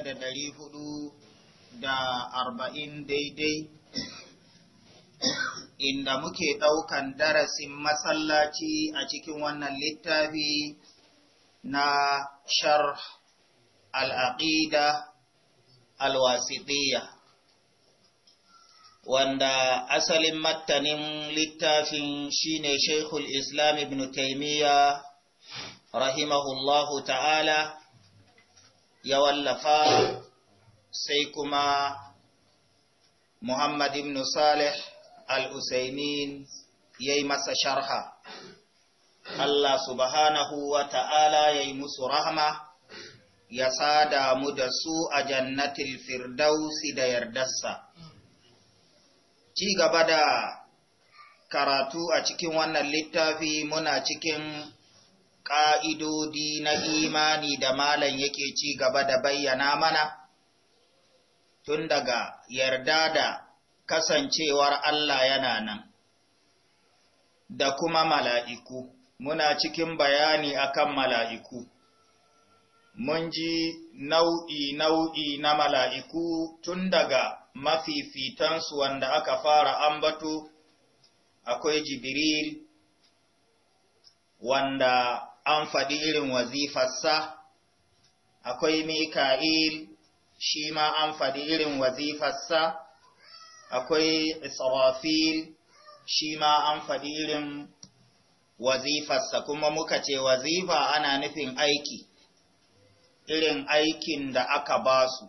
shida da ɗari hudu da arba'in daidai inda muke ɗaukan darasin masallaci a cikin wannan littafi na sharh al'aƙida alwasitiyya wanda asalin mattanin littafin shine Sheikhul Islam Ibn Taymiyyah rahimahullahu ta'ala ya wallafa sai kuma Muhammad ibn Salih al-Usaimin ya yi masa sharha. Allah subhanahu wa ta'ala ya yi musu rahma ya sada mu da su a jannatil firdausi da yardarsa. Ci gaba da karatu a cikin wannan littafi muna cikin ƙa'idodi na imani da malam yake ci gaba da bayyana mana, tun daga yarda da kasancewar Allah yana nan, da kuma mala'iku, muna cikin bayani akan mala'iku. Mun ji nau'i-nau'i na mala'iku tun daga mafifitansu wanda aka fara ambato, akwai Jibril, wanda an faɗi irin wazifarsa, akwai Mika'il shi ma an faɗi irin wazifarsa, akwai Israfil shi ma an faɗi irin wazifarsa, kuma muka ce wazifa ana nufin aiki, irin aikin da aka ba su,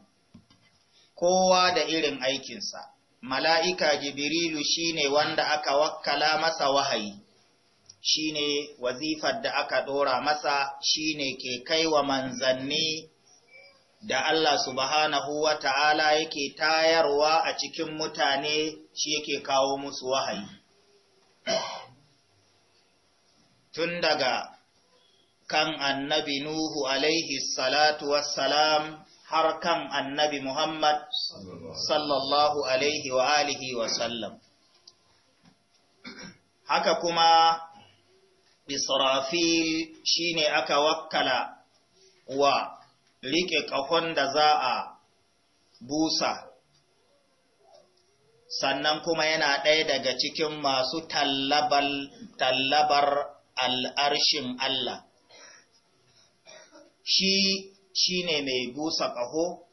kowa da irin aikinsa. Mala'ika Jibrilu shi ne wanda aka wakkala masa wahayi. shine wazifar da aka ɗora masa shine ke kai wa manzanni da Allah subhanahu wa ta'ala yake tayarwa a cikin mutane shi yake kawo musu wahayi. Tun daga kan annabi Nuhu alaihi salatu wassalam har kan annabi Muhammad sallallahu alaihi wa alihi wa sallam. Haka kuma israfil shine aka wakkala wa riƙe ƙahon da za a busa sannan kuma yana ɗaya daga cikin masu tallabar al'arshin Allah shi shi ne mai busa ƙaho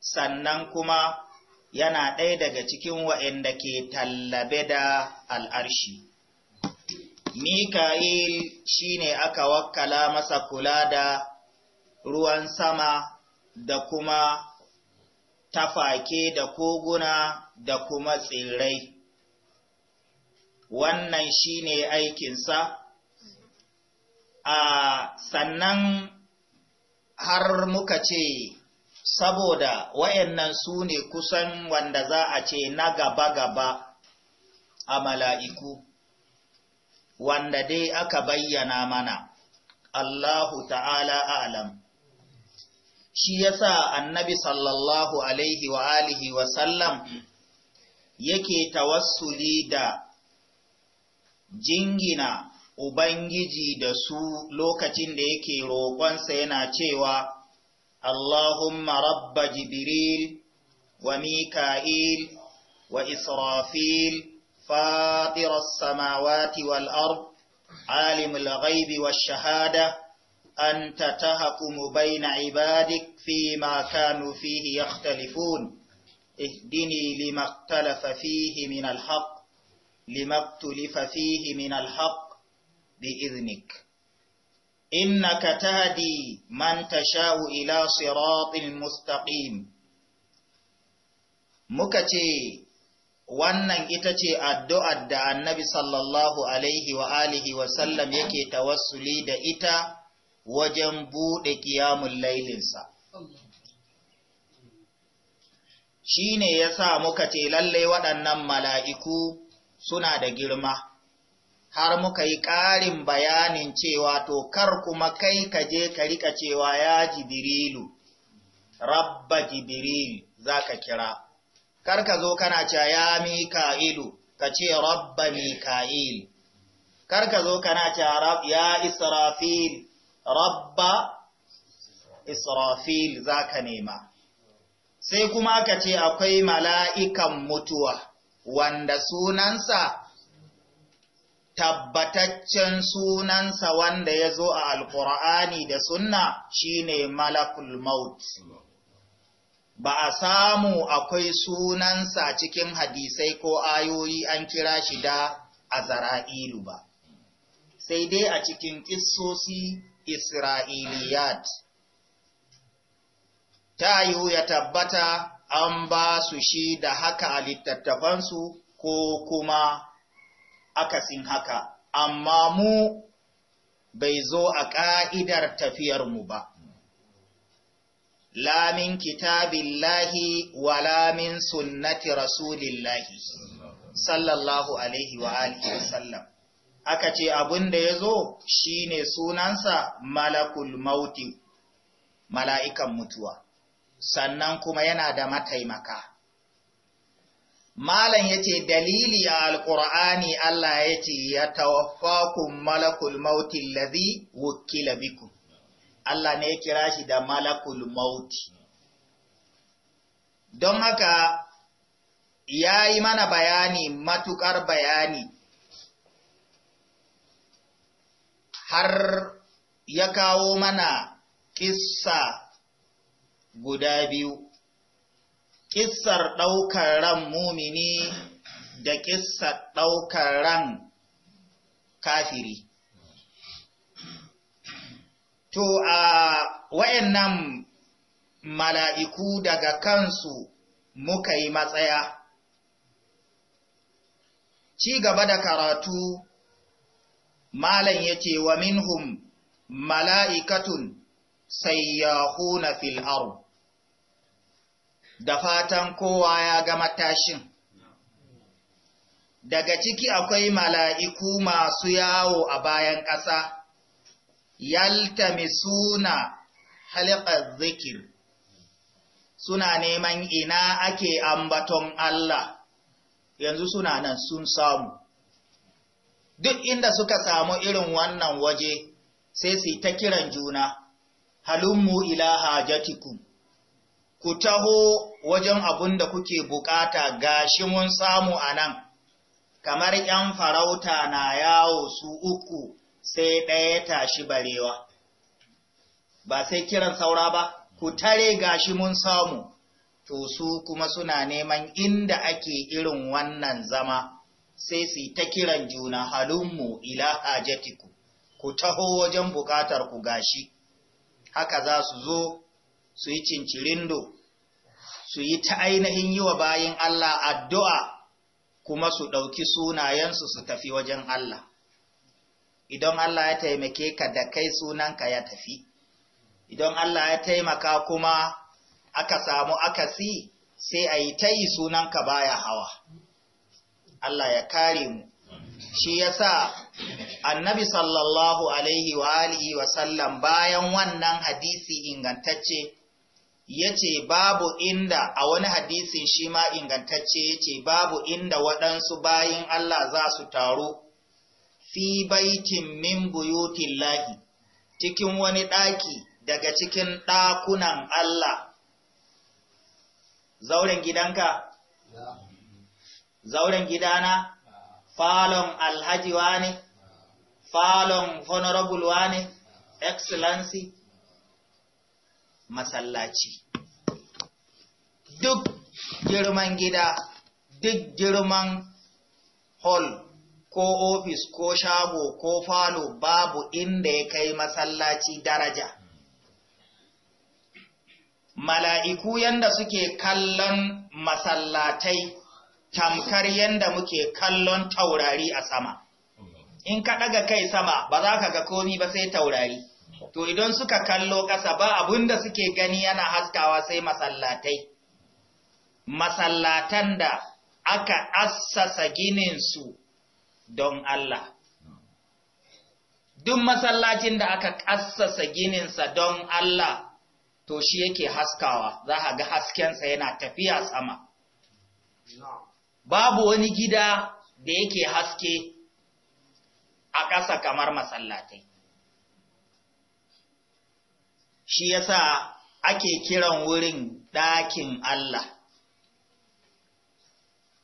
sannan kuma yana ɗaya daga cikin wa'inda ke tallabe da al'arshi Mika'il shi ne aka wakala masa kula da ruwan sama da kuma tafake da koguna da kuma tsirrai. Wannan shi ne aikinsa, a sannan har muka ce saboda wayannan su ne kusan wanda za a ce na gaba-gaba a mala'iku. wanda dai aka bayyana mana, Allahu ta'ala alam. Shi yasa annabi sallallahu Alaihi wa alihi wa sallam yake tawassuli da jingina Ubangiji da su lokacin da yake roƙonsa yana cewa, Allahumma rabba Jibril wa Mika'il wa Israfil فاطر السماوات والأرض عالم الغيب والشهادة أنت تهكم بين عبادك فيما كانوا فيه يختلفون اهدني لما اختلف فيه من الحق لما اختلف فيه من الحق بإذنك إنك تهدي من تشاء إلى صراط مستقيم مكتي wannan ita ce addu'ar da annabi sallallahu alaihi wa alihi sallam yake tawassuli da ita wajen buɗe ƙiyamun lailinsa. Shi ne ya sa muka ce lallai waɗannan mala'iku suna da girma, har muka yi ƙarin bayanin cewa to kar kuma kai ka je ka riƙa cewa ya jibirilu, rabba jibiril za ka kira. kar ka zo kana cewa ya mika'ilu ka ce rabba mika'il kar ka zo kana cewa ya israfil rabba israfil za ka nema sai kuma ka ce akwai mala'ikan mutuwa wanda sunansa tabbataccen sunansa wanda ya zo a alkur'ani da sunna shine malakul maut. ba a samu akwai sunansa cikin hadisai ko ayoyi an kira shi da azara'ilu ba, sai dai a cikin ƙisosi Isra'iliyat. Ta yiwu ya tabbata an ba su shi da haka a littattafansu ko kuma akasin haka, amma mu bai zo a ƙa'idar tafiyarmu ba. Lamin min kitabillahi wa lamin sunnati rasulillahi sallallahu alaihi wa alihi wa sallam aka ce abin da ya zo shi ne sunansa malakul mauti mala'ikan mutuwa sannan kuma yana da mataimaka malam ya ce dalili a alƙur'ani Allah ya ce ya tawaffakun malakul mautin lazi wukila biku Allah ne ya kira shi da malakul mauti. Don haka ya yi mana bayani matuƙar bayani har ya kawo mana kissa guda biyu, kissar ɗaukar ran mumini da kissar ɗaukar ran kafiri. to a wayannan mala'iku daga kansu muka yi matsaya ci gaba da karatu malam yace wa minhum mala'ikatun sai sayyahuna fil aru. da fatan kowa ya ga matashin daga ciki akwai mala'iku masu yawo a bayan ƙasa yaltamisuna halqa zikir suna neman ina ake ambaton Allah yanzu suna nan sun samu duk inda suka samu irin wannan waje sai su ta kiran juna halummu ila hajatikum ku taho wajen abun da kuke bukata gashi mun samu anan kamar 'yan farauta na yawo su uku sai ɗaya ya tashi barewa ba sai kiran saura ba ku tare gashi mun samu to su kuma suna neman inda ake irin wannan zama sai su yi ta kiran juna halunmu ila hajatiku ku taho wajen bukatar ku gashi haka za su zo su yi cincirindo su yi ta ainihin yi wa bayin Allah addu'a kuma su ɗauki sunayensu su tafi wajen Allah idan Allah ya taimake ka da kai sunanka ya tafi idan Allah ya taimaka kuma aka samu akasi sai a yi ta yi sunanka baya hawa Allah ya kare mu shi ya sa annabi sallallahu alaihi wa alihi wa sallam bayan wannan hadisi ingantacce ya ce babu inda a wani hadisin shi ma ingantacce ya ce babu inda waɗansu bayin Allah za su taru fi baitin min buyutin lahi cikin wani ɗaki daga cikin ɗakunan Allah. Zauren gidanka? Zauren gidana? Falon alhaji ne? Falon honorable ne? Excellency? Masallaci. Duk girman gida, duk girman hall. ko ofis ko shago ko falo babu inda ya kai masallaci daraja mala'iku yanda suke kallon masallatai tamkar yanda muke kallon taurari a sama in ka ɗaga kai sama ba za ka ga komi ba sai taurari to idan suka kallo ƙasa ba abin da suke gani yana haskawa sai masallatai masallatan da aka assasa ginin su don Allah. Duk masallacin da aka ƙassasa gininsa don Allah, to shi yake haskawa, za a ga haskensa yana tafiya sama. Babu wani gida da yake haske a ƙasa kamar masallatai. Shi yasa ake kiran wurin ɗakin Allah.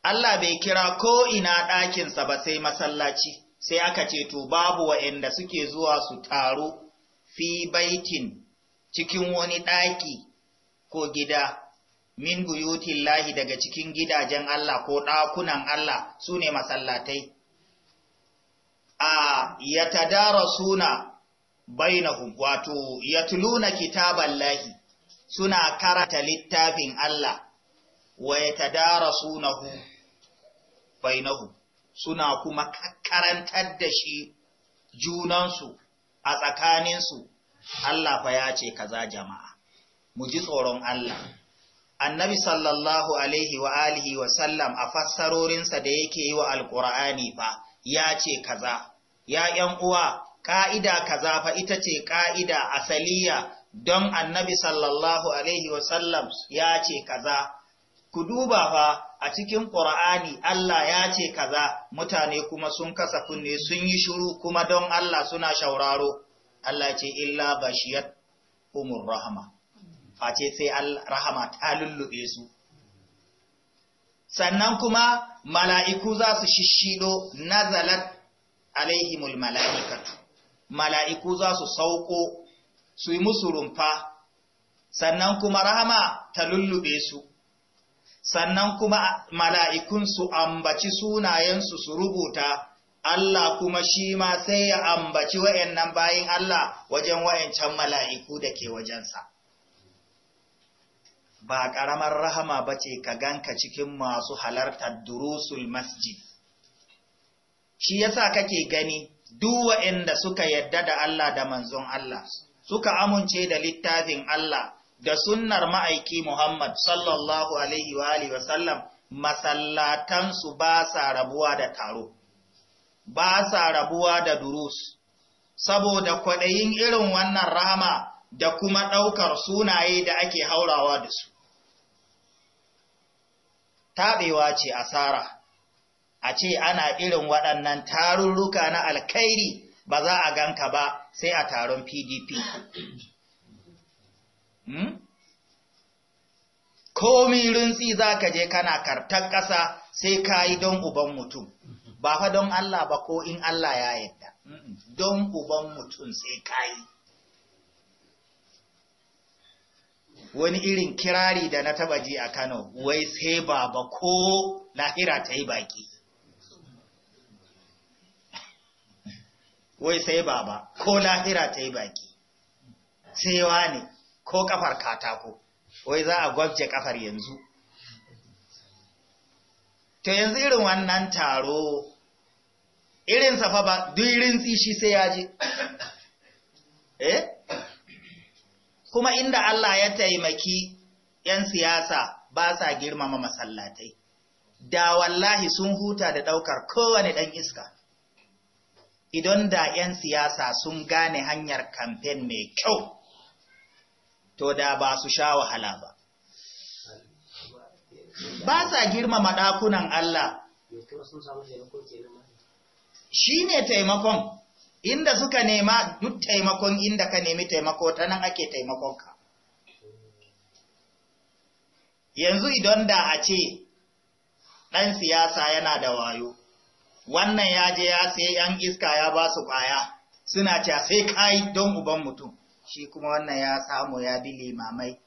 Allah bai kira ko ina ɗakinsa ba sai masallaci, sai aka ce to babu wa'yanda suke zuwa su taru fi baitin cikin wani ɗaki ko gida, min buyutin lahi daga cikin gidajen Allah ko ɗakunan Allah su ne masallatai. A dara suna bainahum wato yatluna kitaban lahi suna karata littafin Allah wa yatadarasunahu bainahu suna kuma karantar da shi junansu a tsakaninsu Allah fa ya ce kaza jama'a mu ji tsoron Allah annabi sallallahu alaihi wa alihi wa sallam a fassarorinsa da yake yi wa alkur'ani fa ya ce kaza ya ‘yan uwa ƙa'ida kaza fa ita ce ka'ida asaliya don annabi sallallahu alaihi wa sallam ya ce kaza ku duba fa a cikin Ƙur'ani Allah ya ce kaza mutane kuma sun kasa kunne sun yi shiru kuma don Allah suna shauraro Allah ce illa bashiyat umur rahama face sai rahama ta lullube su sannan kuma mala'iku za su shishido nazalat alaihimul mala'ikatu mala'iku za su sauko su yi musu rumfa sannan kuma rahama ta lullube su sannan kuma mala'ikun su ambaci sunayensu su rubuta Allah kuma shi ma sai ya ambaci wa'yannan bayin Allah wajen wa'yancan mala'iku da ke wajensa. Ba ƙaramar rahama ba ce ka ganka cikin masu halartar durusul masjid. Shi yasa kake gani duk wa'yanda suka yadda da Allah da manzon Allah, suka amince da littafin Allah, da sunnar ma'aiki Muhammad sallallahu alaihi wa alihi wa sallam masallatansu ba sa rabuwa da taro, ba sa rabuwa da durus, saboda kwaɗayin irin wannan rama da kuma ɗaukar sunaye da ake haurawa da su. Taɓewa ce asara, a ce ana irin waɗannan tarurruka na alkairi ba za a ganka ba sai a taron PDP. Hmm? komi rintsi za ka je kana kartar ƙasa sai ka yi don uban mutum ba fa don Allah ba ko in Allah ya yadda don uban mutum sai ka yi wani irin kirari da na taba ji a Kano wai sai baba ko lahira ta yi baki wai sai baba ko lahira ta yi baki sai wa ne ko kafar katako wai za a gwabce kafar yanzu to yanzu irin wannan taro irin safa ba duk irin tsishi sai ya je eh kuma inda Allah ya taimaki 'yan siyasa ba sa girmama masallatai da wallahi sun huta da ɗaukar kowane ɗan iska idan da 'yan siyasa sun gane hanyar kamfen mai kyau to da ba su sha wahala ba. Ba sa girmama ɗakunan Allah, shi ne taimakon, inda suka nema duk taimakon inda ka nemi taimako ta nan ake taimakonka. Yanzu idan da a ce ɗan siyasa yana da wayo, wannan ya je ya sai ‘yan iska ya ba su ƙwaya, suna ce sai kayi don uban mutum. shi kuma wannan ya samu ya bi limamai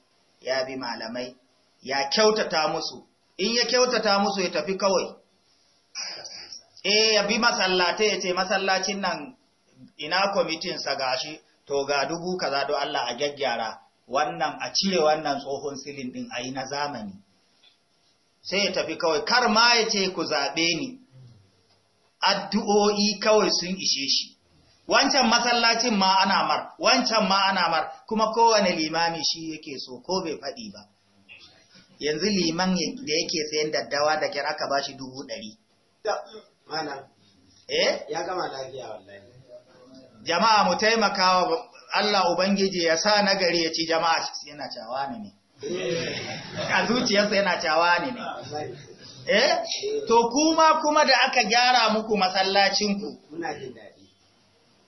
ya bi malamai ya kyautata musu in ya kyautata musu ya tafi kawai eh ya bi masallatai ya ce masallacin nan ina kwamitinsa gashi to ga dubu kaza do Allah a gyaggyara wannan a cire wannan tsohon silin din a yi na zamani sai ya tafi kawai kar ma ya ce ku zaɓe ni addu'o'i kawai sun ishe shi wancan masallacin ma ana mar wancan ma ana mar kuma kowane limami shi yake so ko bai faɗi ba yanzu liman da yake sayan daddawa da kyar aka bashi dubu ɗari eh ya gama lafiya wallahi jama'a mu taimakawa Allah ubangiji ya sa nagari ya ci jama'a yana cawa ne ne eh. a zuciyarsa yana cawa ne ne eh to kuma kuma da aka gyara muku masallacinku jin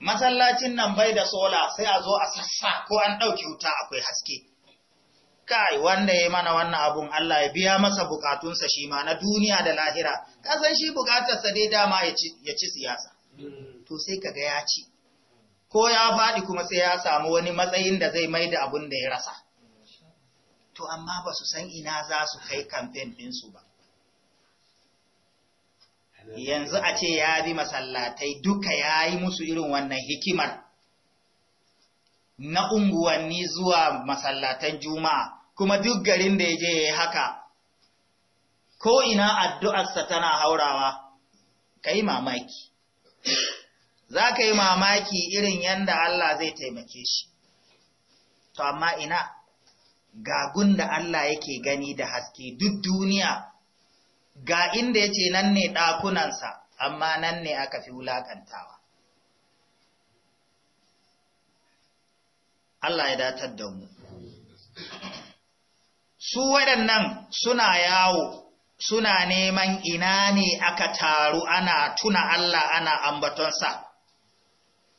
masallacin nan bai da sola sai a zo a sassa ko an ɗauki wuta akwai haske kai wanda ya mana wannan abun Allah ya biya masa bukatunsa shi ma na duniya da lahira kasan shi bukatarsa dai dama ya ci siyasa to sai ga ya ci ko ya faɗi kuma sai ya samu wani matsayin da zai mai da abun da ya rasa to amma ba su san ina za su kai kamfen ɗinsu ba yanzu a ce ya bi masallatai duka ya yi musu irin wannan hikimar na unguwanni zuwa masallatan juma'a kuma duk garin da ya je ya yi haka ko ina addu'arsa tana haurawa ka yi mamaki za ka yi mamaki irin yadda Allah zai taimake shi to amma ina gagun da Allah yake gani da haske duk duniya ga inda ya ce nan ne ɗakunansa amma nan ne aka fi wulaƙantawa Allah ya datar da mu su waɗannan suna yawo suna neman ina ne aka taru ana tuna Allah ana ambatonsa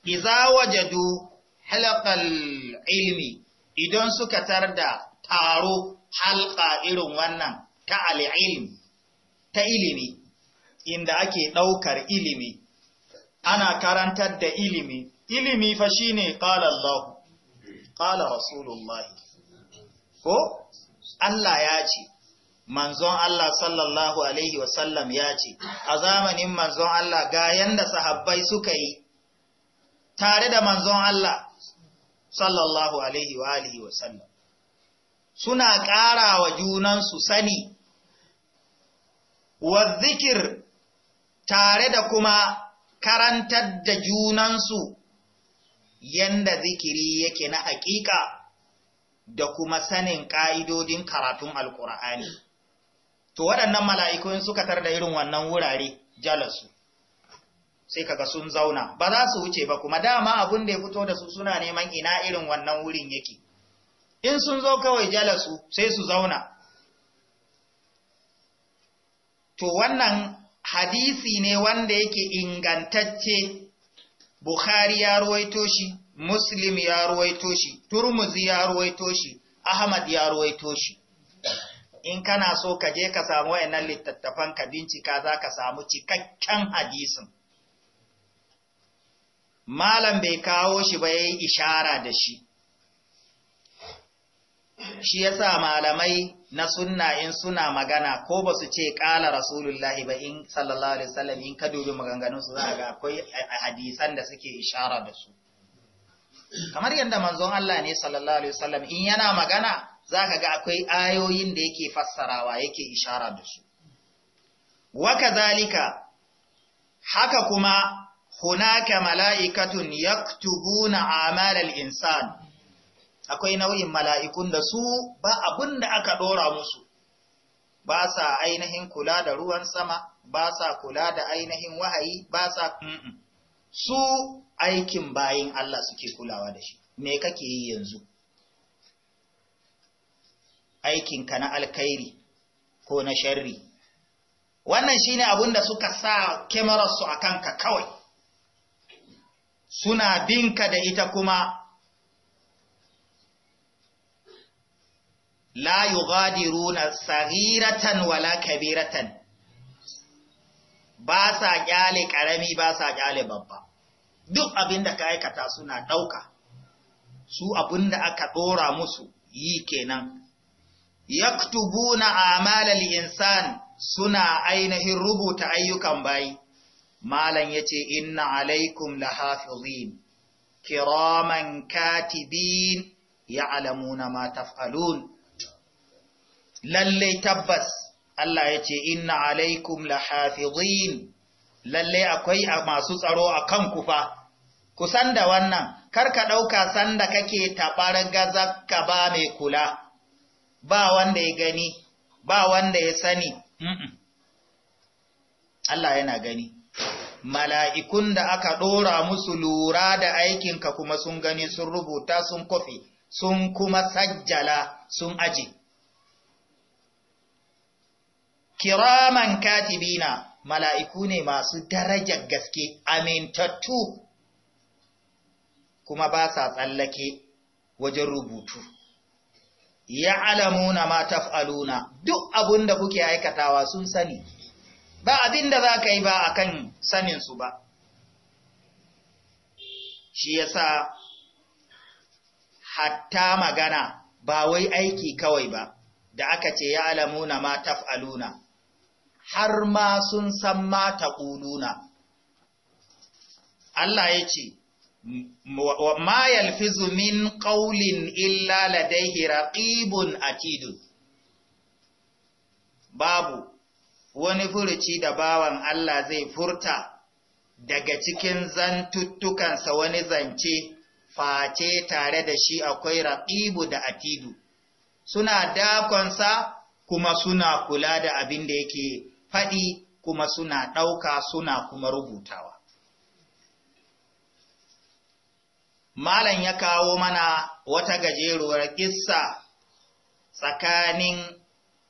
iza wajadu halakal ilmi idan suka tar da taro halka irin wannan ta al'ilmi ta ilimi inda ake ɗaukar ilimi ana karantar da ilimi ilimi fa shi ne, Allah ƙala Rasulullah ko Allah ya ce manzon Allah sallallahu alaihi wasallam ya ce a zamanin manzon Allah ga yanda sahabbai suka yi tare da manzon Allah sallallahu alaihi wa alihi wasallam suna ƙara wa junansu sani wa zikir tare da kuma karantar da junansu yanda zikiri yake na hakika da kuma sanin ƙa'idodin karatun alƙur'ani. To waɗannan mala'ikun suka tar da irin wannan wurare jalasu, sai kaga sun zauna, ba za su wuce ba kuma dama abin da ya fito da su suna neman ina irin wannan wurin yake. In sun zo kawai jalasu sai su zauna, to wannan hadisi ne wanda yake ingantacce Bukhari ya ruwaito shi Muslim ya ruwaito shi Turmuzi ya ruwaito shi Ahmad ya ruwaito shi in kana so ka je ka samu wayannan littattafan ka bincika za ka samu cikakken hadisin malam bai kawo shi ba yayi ishara da shi shi yasa malamai na sunna in suna magana ko ba su ce ƙala rasulullahi ba in sallallahu alaihi wasallam in ka dubi maganganunsu za ga akwai hadisan da suke ishara da su kamar yadda manzon Allah ne sallallahu alaihi wasallam in yana magana za ka ga akwai ayoyin da yake fassarawa yake ishara da su waka zalika haka kuma hunaka mala'ikatun yaktubuna amalal insan akwai nau'in mala'ikun da su ba abin da aka ɗora musu, ba sa ainihin kula da ruwan sama, ba sa kula da ainihin wahayi, ba sa su aikin bayin Allah suke kulawa da shi, me kake yi yanzu? Aikinka na alkhairi ko na sharri. Wannan shi ne abin da suka sa su a kanka kawai, suna binka da ita kuma la yughadiruna saghiratan wala kabiratan ba sa ƙyale ƙarami, ba sa kyale babba duk abinda ka aikata suna ɗauka. su abinda aka dora musu yi kenan yaktubuna amalal insan suna ainihin rubuta ayyukan bayi malam yace inna alaikum la hafizin kiraman katibin ya'lamuna ma taf'alun Lallai tabbas Allah ya ce inna alaikum hafizin Lallai akwai masu tsaro a ku fa ku san da wannan kar ka ɗauka sanda kake taɓar gaza ka ba mai kula ba wanda ya gani ba wanda ya sani Allah yana gani mala'ikun da aka ɗora musu lura da aikinka kuma sun gani sun rubuta sun kofi sun kuma sajjala sun aji kiraman katibina mala'iku ne masu darajar gaske amintattu kuma ba sa tsallake wajen rubutu ya alamuna ma taf'aluna duk abin da kuke aikatawa sun sani ba abin da za ka yi ba akan saninsu ba shi yasa hatta magana ba wai aiki kawai ba da aka ce ya alamuna ma taf'aluna har ma sun san mata ƙuluna Allah ya ce ma yalfizu min ƙaulin illa ladayhi raqibun Atidu. babu wani furuci da bawan Allah zai furta daga cikin zantuttukansa wani zance face tare da shi akwai raƙibu da atidu suna dakonsa kuma suna kula da abin da yake faɗi kuma suna ɗauka suna kuma rubutawa. Malam ya kawo mana wata gajeruwar kissa tsakanin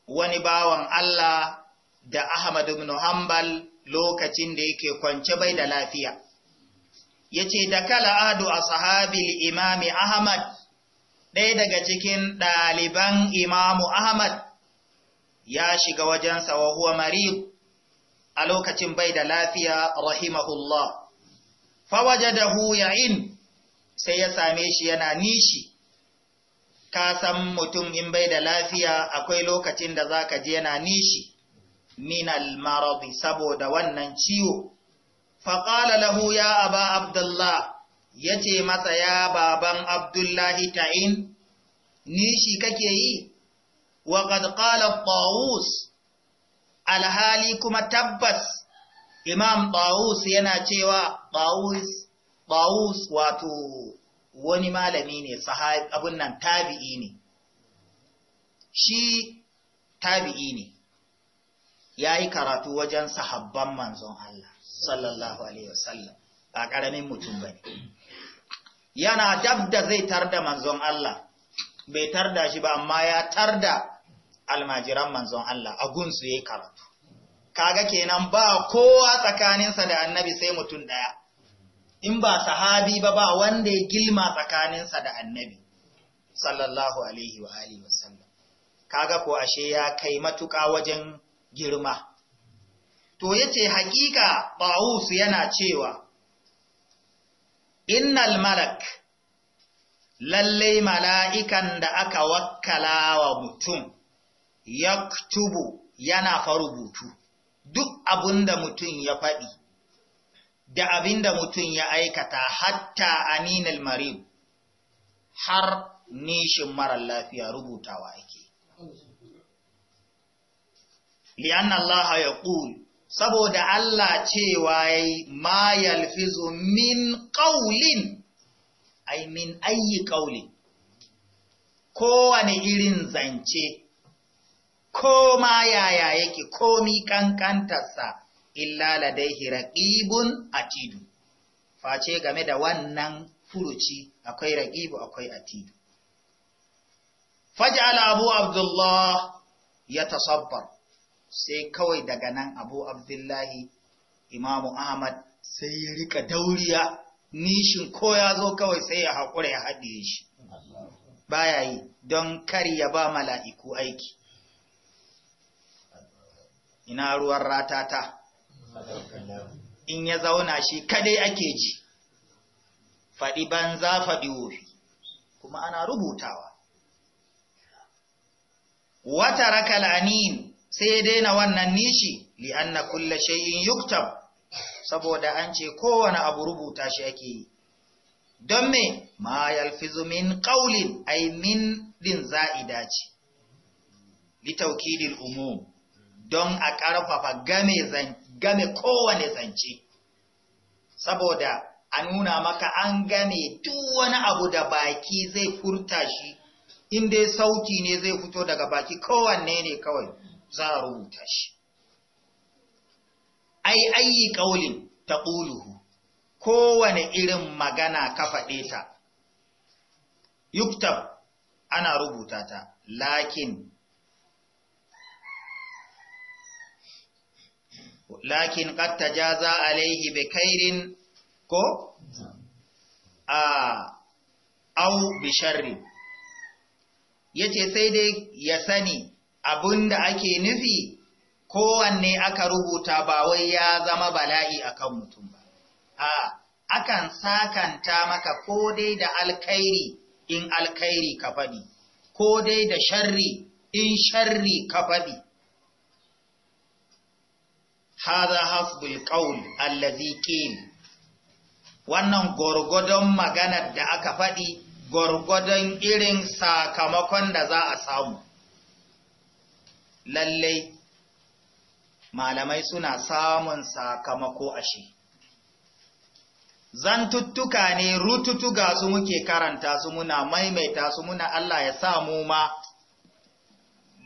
wani bawan Allah da Ahmad ibn Hanbal lokacin da yake kwance bai da lafiya. yace ce, Da kala adu a sahabil imami Ahmad, ɗaya daga cikin ɗaliban imamu Ahmad ya shiga wajensa wa huwa marid a lokacin bai da lafiya rahimahullah huya ya'in sai ya same shi yana nishi ka san mutum in bai da lafiya akwai lokacin da zaka ji yana nishi Minal al-maradi saboda wannan ciwo faqala lahu ya aba abdullah ce masa ya baban abdullahi ta'in nishi kake yi wa qad qala alhali kuma tabbas imam tawus yana cewa tawus wato wani malami ne sahabi abun nan tabi'i ne shi tabi'i ne ya yi karatu wajen sahabban manzon Allah sallallahu alaihi wasallam ba ƙaramin mutum ba ne yana dab da zai tarda manzon Allah bai tarda shi ba amma ya tarda almajiran manzon Allah a gun gunsu yayi karatu kaga kenan ba kowa tsakaninsa da annabi sai mutum ɗaya. in ba sahabi ba ba wanda ya gilma tsakaninsa da annabi sallallahu alaihi wa alihi wasallam kaga ko ashe ya kai matuƙa wajen girma to yace hakika Tawus yana cewa innal malak lallai mala'ikan da aka wakkala wa mutum yaktubu yana fa rubutu, duk abinda mutum ya faɗi da abinda mutum ya aikata hatta aninal marim har nishin mara lafiya rubutawa ake li'anna Allah ya ƙul saboda Allah cewa yayi ma yalfizu min qaulin ay min ayyi qaulin kowane irin zance Koma ma yaya yake komi kankantarsa illa ladaihi raqibun atidu face game da wannan furuci akwai raqibu akwai atidu faj'al abu abdullah yatasabbar sai kawai daga nan abu abdullahi imamu ahmad sai ya rika dauriya nishin ko ya zo kawai sai ya haƙura ya haɗe shi baya yi don kar ya ba mala'iku aiki ina ruwan ratata in ya zauna shi kadai ake ji faɗi banza faɗi wofi kuma ana rubutawa wata rakal anin sai daina wannan nishi li anna kulle shay'in yuktab saboda an ce kowane abu rubuta shi ake yi don me ma yalfizu min qawlin ay min din za'ida ce li umum don a ƙarfafa game kowane zance saboda a nuna maka an game duk wani abu da baki zai furta shi inda sauti ne zai fito daga baki kowanne ne kawai za a rubuta shi ai ayi ƙaulin ta ƙuluhu kowane irin magana ka faɗe ta yuktab ana rubuta ta lakin lakin qad tajaza alaihi bi khairin ko a au bi sharri yace sai dai ya sani da ake nufi kowanne aka rubuta ba wai ya zama bala'i akan mutum ba a akan sakanta maka ko dai da alkhairi in alkhairi ka faɗi ko dai da sharri in sharri ka faɗi hadha hasbul qawl allazi qil wannan gorgodon maganar da aka faɗi gorgodon irin sakamakon da za a samu lallai malamai suna samun sakamako ashe zantuttuka ne rututuga su muke karanta su muna maimaita su muna Allah ya samu ma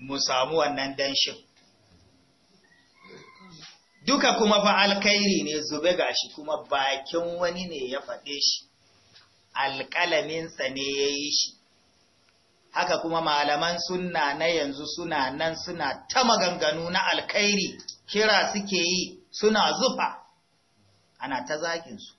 mu samu wannan danshin duka kuma fa alkairi ne zube gashi kuma bakin wani ne ya faɗe shi alƙalaminsa ne ya yi shi haka kuma malaman suna na yanzu suna nan suna ta maganganu na alkairi kira suke yi suna zufa ana ta zaginsu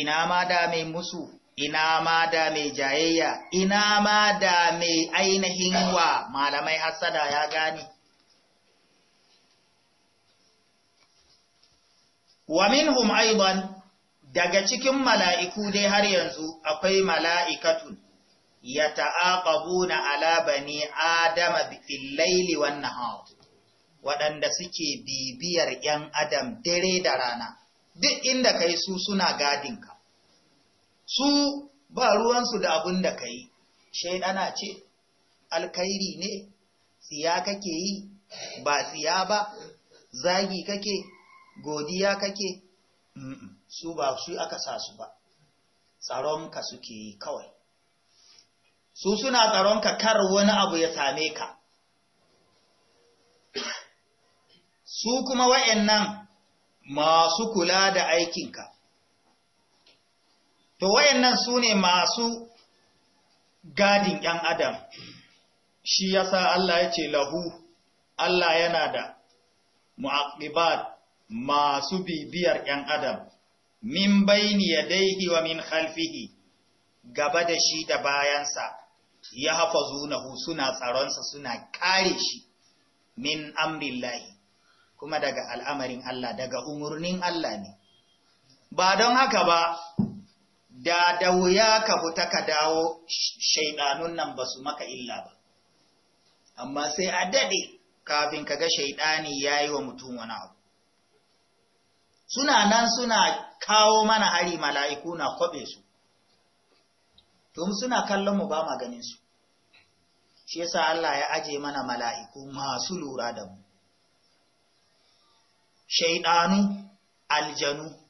ina ma da musu ina ma da mai jayayya ina ma da mai ainihin wa malamai Hassana ya gane wa minhum aidan daga cikin mala'iku dai har yanzu akwai mala'ikatun ya ta'aƙabuna ala bani adama fil laili wan nahar waɗanda suke bibiyar ‘yan adam dare da rana duk inda kai su suna gadinka su ba ruwansu da abin da ka yi shaidana ce alkhairi ne tsiya kake yi ba tsiya ba zagi kake godiya kake su ba su aka sa su ba Tsaron ka suke yi kawai su suna tsaron ka kar wani abu ya same ka su kuma wa'yan masu kula da aikinka to wayannan su ne masu gadin ‘yan adam shi ya sa Allah ya ce lahu Allah yana da mu’aƙibar masu bibiyar ‘yan adam min ya dai wa min khalfihi gaba da shi da bayansa ya hafa zunahu suna tsaronsa suna kare shi min amrillahi kuma daga al'amarin Allah daga umurnin Allah ne ba don haka ba da da wuya ka fita ka dawo shaidanun nan ba su maka illa ba amma sai a dade kafin ka ga shaidani yayi wa mutum wani abu suna nan suna kawo mana hari mala'iku na kwabe su to suna kallon mu ba ma ganin su shi yasa Allah ya aje mana mala'iku masu lura da mu shaidanu aljanu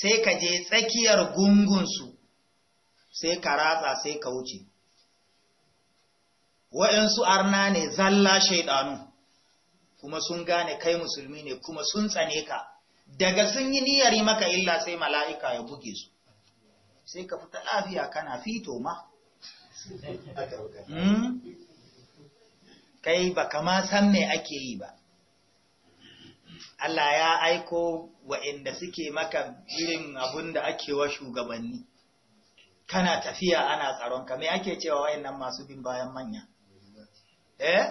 sai ka je tsakiyar gungunsu sai ka ratsa sai ka wuce wa'yansu arna ne zalla shaidanu kuma sun gane kai musulmi ne kuma sun tsane ka daga sun yi niyyar maka illa sai mala'ika ya buge su sai ka fita lafiya kana fito ma hmm? kai ba kama san me ake yi ba Allah ya aiko wa'inda suke maka irin abun da ake wa shugabanni kana tafiya ana tsaron ka me ake cewa wayannan masu bin bayan manya eh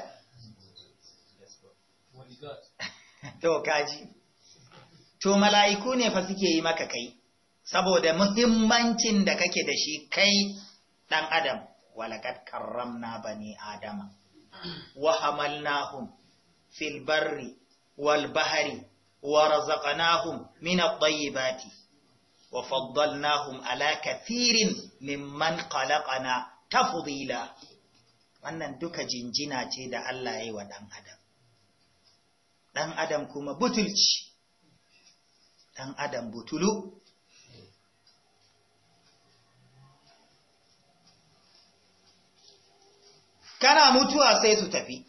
to kaji to mala'iku ne fa suke yi maka kai saboda muhimmancin da kake da shi kai ɗan adam walakat karramna bani adama wa hamalnahum fil barri wal bahari wa razaqnahum min at-tayyibati wa faddalnahum ala kathirin mimman khalaqana tafdila wannan duka jinjina ce da Allah ya yi wa adam dan adam kuma butulci dan adam butulu kana mutuwa sai su tafi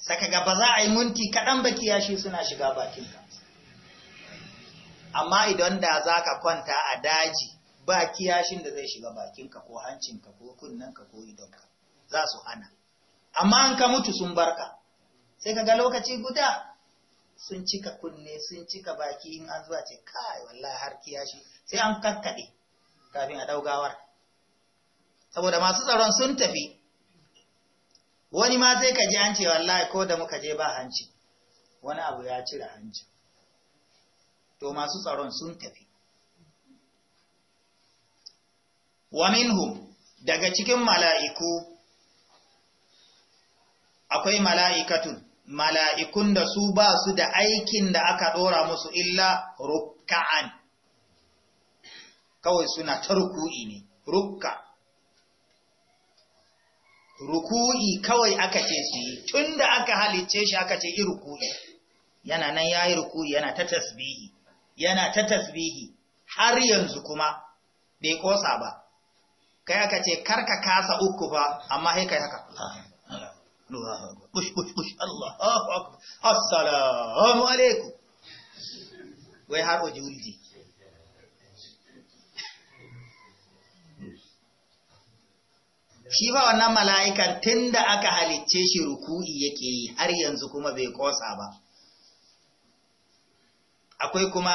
saka ga ba za a yi munti kaɗan ba kiyashi suna shiga bakinka amma idan da za ka kwanta a daji ba kiyashin da zai shiga bakinka ko hancinka ko ka ko ka za su hana amma an ka mutu sun barka sai ka ga lokaci guda sun cika kunne sun cika baki in an zuwa ce kai wallahi har kiyashi sai an kakkaɗe kafin a ɗaugawar saboda masu tsaron sun tafi wani ma sai ka ji an ce wallahi ko da muka je ba hanci wani abu ya cire hanci to masu tsaron sun tafi wa minhum daga cikin mala'iku akwai mala'ikatun mala'ikun da su ba su da aikin da aka ɗora musu illa rukka'an kawai suna ta ruku'i ne rukka ruku'i kawai aka ce su yi tunda aka halicce shi aka ce yi ruku'i yana nan ya yi ruku'i yana ta tasbihi yana ta tasbihi har yanzu kuma bai kosa ba kai aka ce karka kasa uku ba amma sai kai haka Allah, Allah, Allah, Allah Allah, Allah, wai har Allah, shi ba wannan mala'ikan tun da aka halicce shi ruku'i yake yi har yanzu kuma bai kosa ba akwai kuma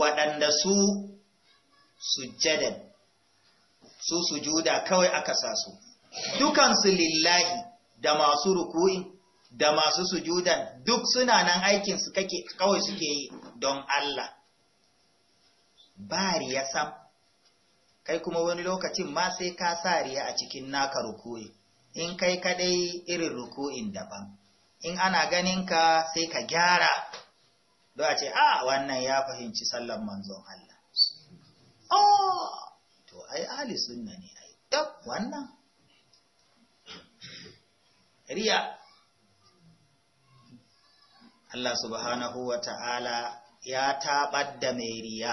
waɗanda su sujjadan su sujuda kawai aka sa su dukansu lillahi da masu ruku'i da masu sujudan duk suna nan aikinsu kawai suke yi don Allah ba ya sam kai kuma wani lokacin ma sai ka sa riya a cikin naka ruku'i in kai kadai irin ruku'in daban in ana ganin ka sai ka gyara do a ce a ah, wannan ya fahimci sallan manzon Allah oh to ai ahli sunna ne ai dab wannan riya Allah subhanahu wa ta'ala ya taɓar mai riya,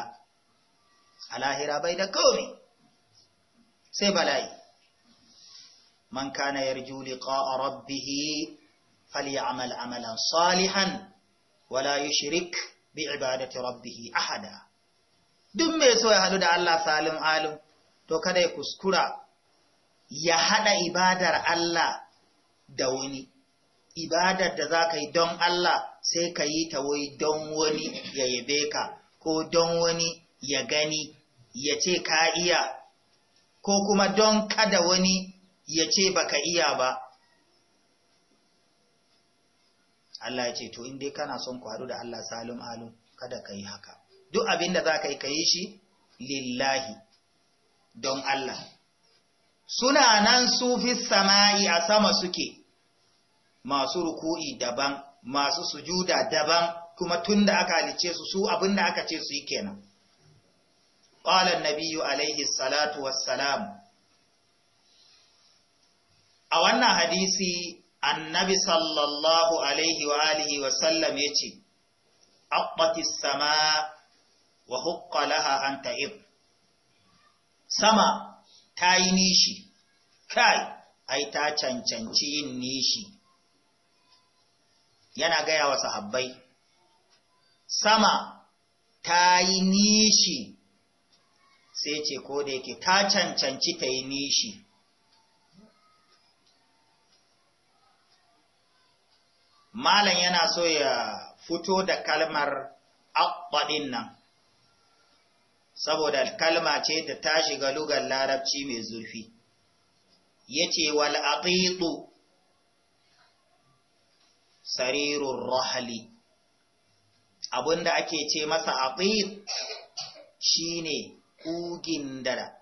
a lahira bai da komi. sai bala'i man kana yarju liqa'a rabbih falyamal amalan salihan wala yushrik bi ibadati rabbih ahada duk mai so ya hadu da Allah salim alim to kada ya kuskura ya hada ibadar Allah da wani ibadar da zaka yi don Allah sai ka yi ta wai don wani ya yabe ka ko don wani ya gani ya ce ka iya ko kuma don kada wani ya ce baka iya ba Allah ya ce to in dai kana son ku haɗu da Allah salim Alu, kada ka yi haka duk abin da za ka yi ka yi shi lillahi don Allah suna nan sufi sama'i a sama suke masu ruku'i daban masu sujuda daban kuma tun da aka halice su su abin da aka ce su yi kenan قال النبي عليه الصلاة والسلام أولنا حديثي النبي صلى الله عليه وآله وسلم يتي أقبت السماء وحق لها أن تعب sama ta yi nishi, kai, ai ta cancanci yin nishi, yana gaya wa sahabbai, sama ta yi nishi sai ce ko da yake ta cancanci ta yi nishi malam yana so ya fito da kalmar akwadin nan saboda kalma ce da ta shiga lugar larabci mai zurfi ya ce wal wal'aɗiɗu sarirun rahali abinda ake ce masa aɗiɗ shine. ne ƙugin da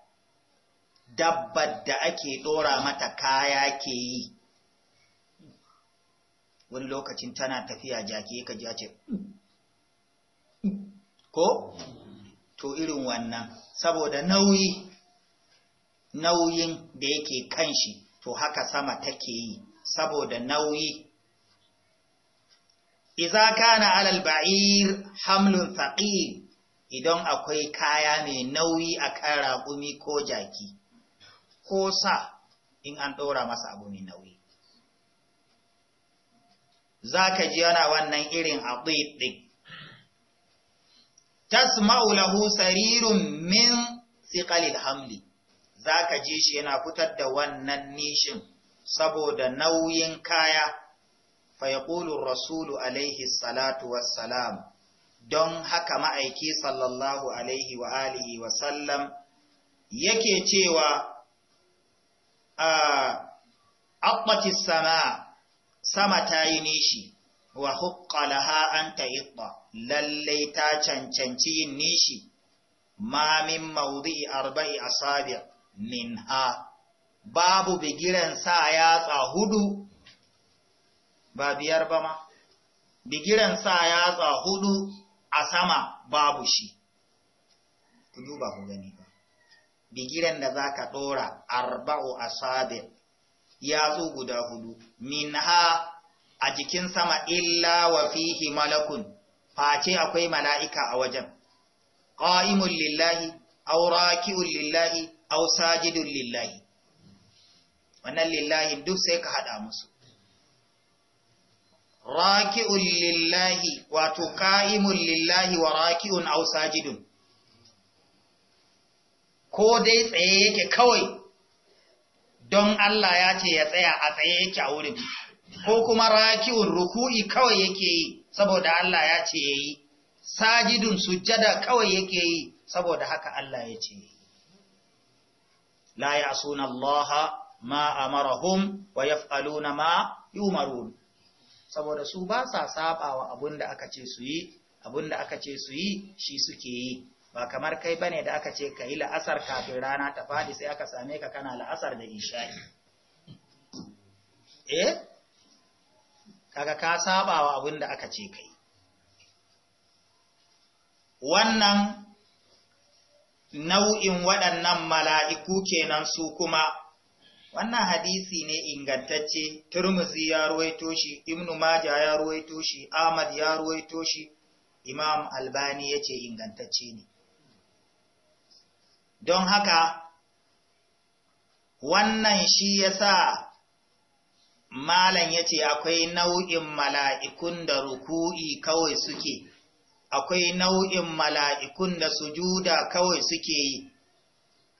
dabbar da ake ɗora mata kaya ke yi wani lokacin tana tafiya jaki ka ji ce ko to irin wannan saboda nauyi nauyin da yake kan shi to haka sama take yi saboda nauyi iza kana alal ba'ir hamlun thaqil idan akwai kaya mai nauyi a kan raƙumi ko jaki, ko sa in an ɗora masa abu mai nauyi. Za ka ji yana wannan irin a Tasma'u lahu sarirun min siƙalil hamli, za ka ji shi yana fitar da wannan nishin saboda nauyin kaya, fayaƙulun Rasulu alaihi salatu wassalam. don haka ma'aiki sallallahu alaihi wa alihi wa sallam yake cewa a aqbatis sama sama ta yi nishi wa huqqalaha an ta'iqqa lalle ta cancanci yin nishi ma min mawdi'i arba'i asabi' ha babu bigiran sa yatsa hudu ba biyar ba ma bigiran sa yatsa hudu a sama babu shi ku duba ku gani ba bigiran da za ka ɗora arba'u a ya zo guda hudu minha a jikin sama illa wa fihi malakun face akwai mala'ika a wajen Ƙa'imu lillahi aw lillahi aw sajidun lillahi wannan lillahi duk sai ka haɗa musu raki'un lillahi wato ka'imun lillahi wa raki'un aw sajidun ko dai tsaye yake kawai don Allah ya ce ya tsaya a tsaye yake a wurin ko kuma raki'un ruku'i kawai yake yi saboda Allah ya ce yayi sajidun sujjada kawai yake yi saboda haka Allah ya ce la ya'sunallaha ma amarahum wa yaf'aluna ma yumarun saboda su ba sa wa abun da aka ce su yi abun da aka ce su yi shi suke yi ba kamar kai bane da aka ce ka yi la'asar kafin rana ta faɗi sai aka same ka kana la'asar da isha'i eh kaga ka wa abun da aka ce kai wannan nau'in waɗannan mala'iku kenan su kuma wannan hadisi ne ingantacce turmuzi ya ruwaito shi ibnu maja ya ruwaito shi ahmad ya ruwaito shi imam albani ya ce ingantacce ne don haka wannan shi ya sa malam ya ce akwai nau'in mala'ikun da ruku'i kawai suke akwai nau'in mala'ikun da sujuda kawai suke yi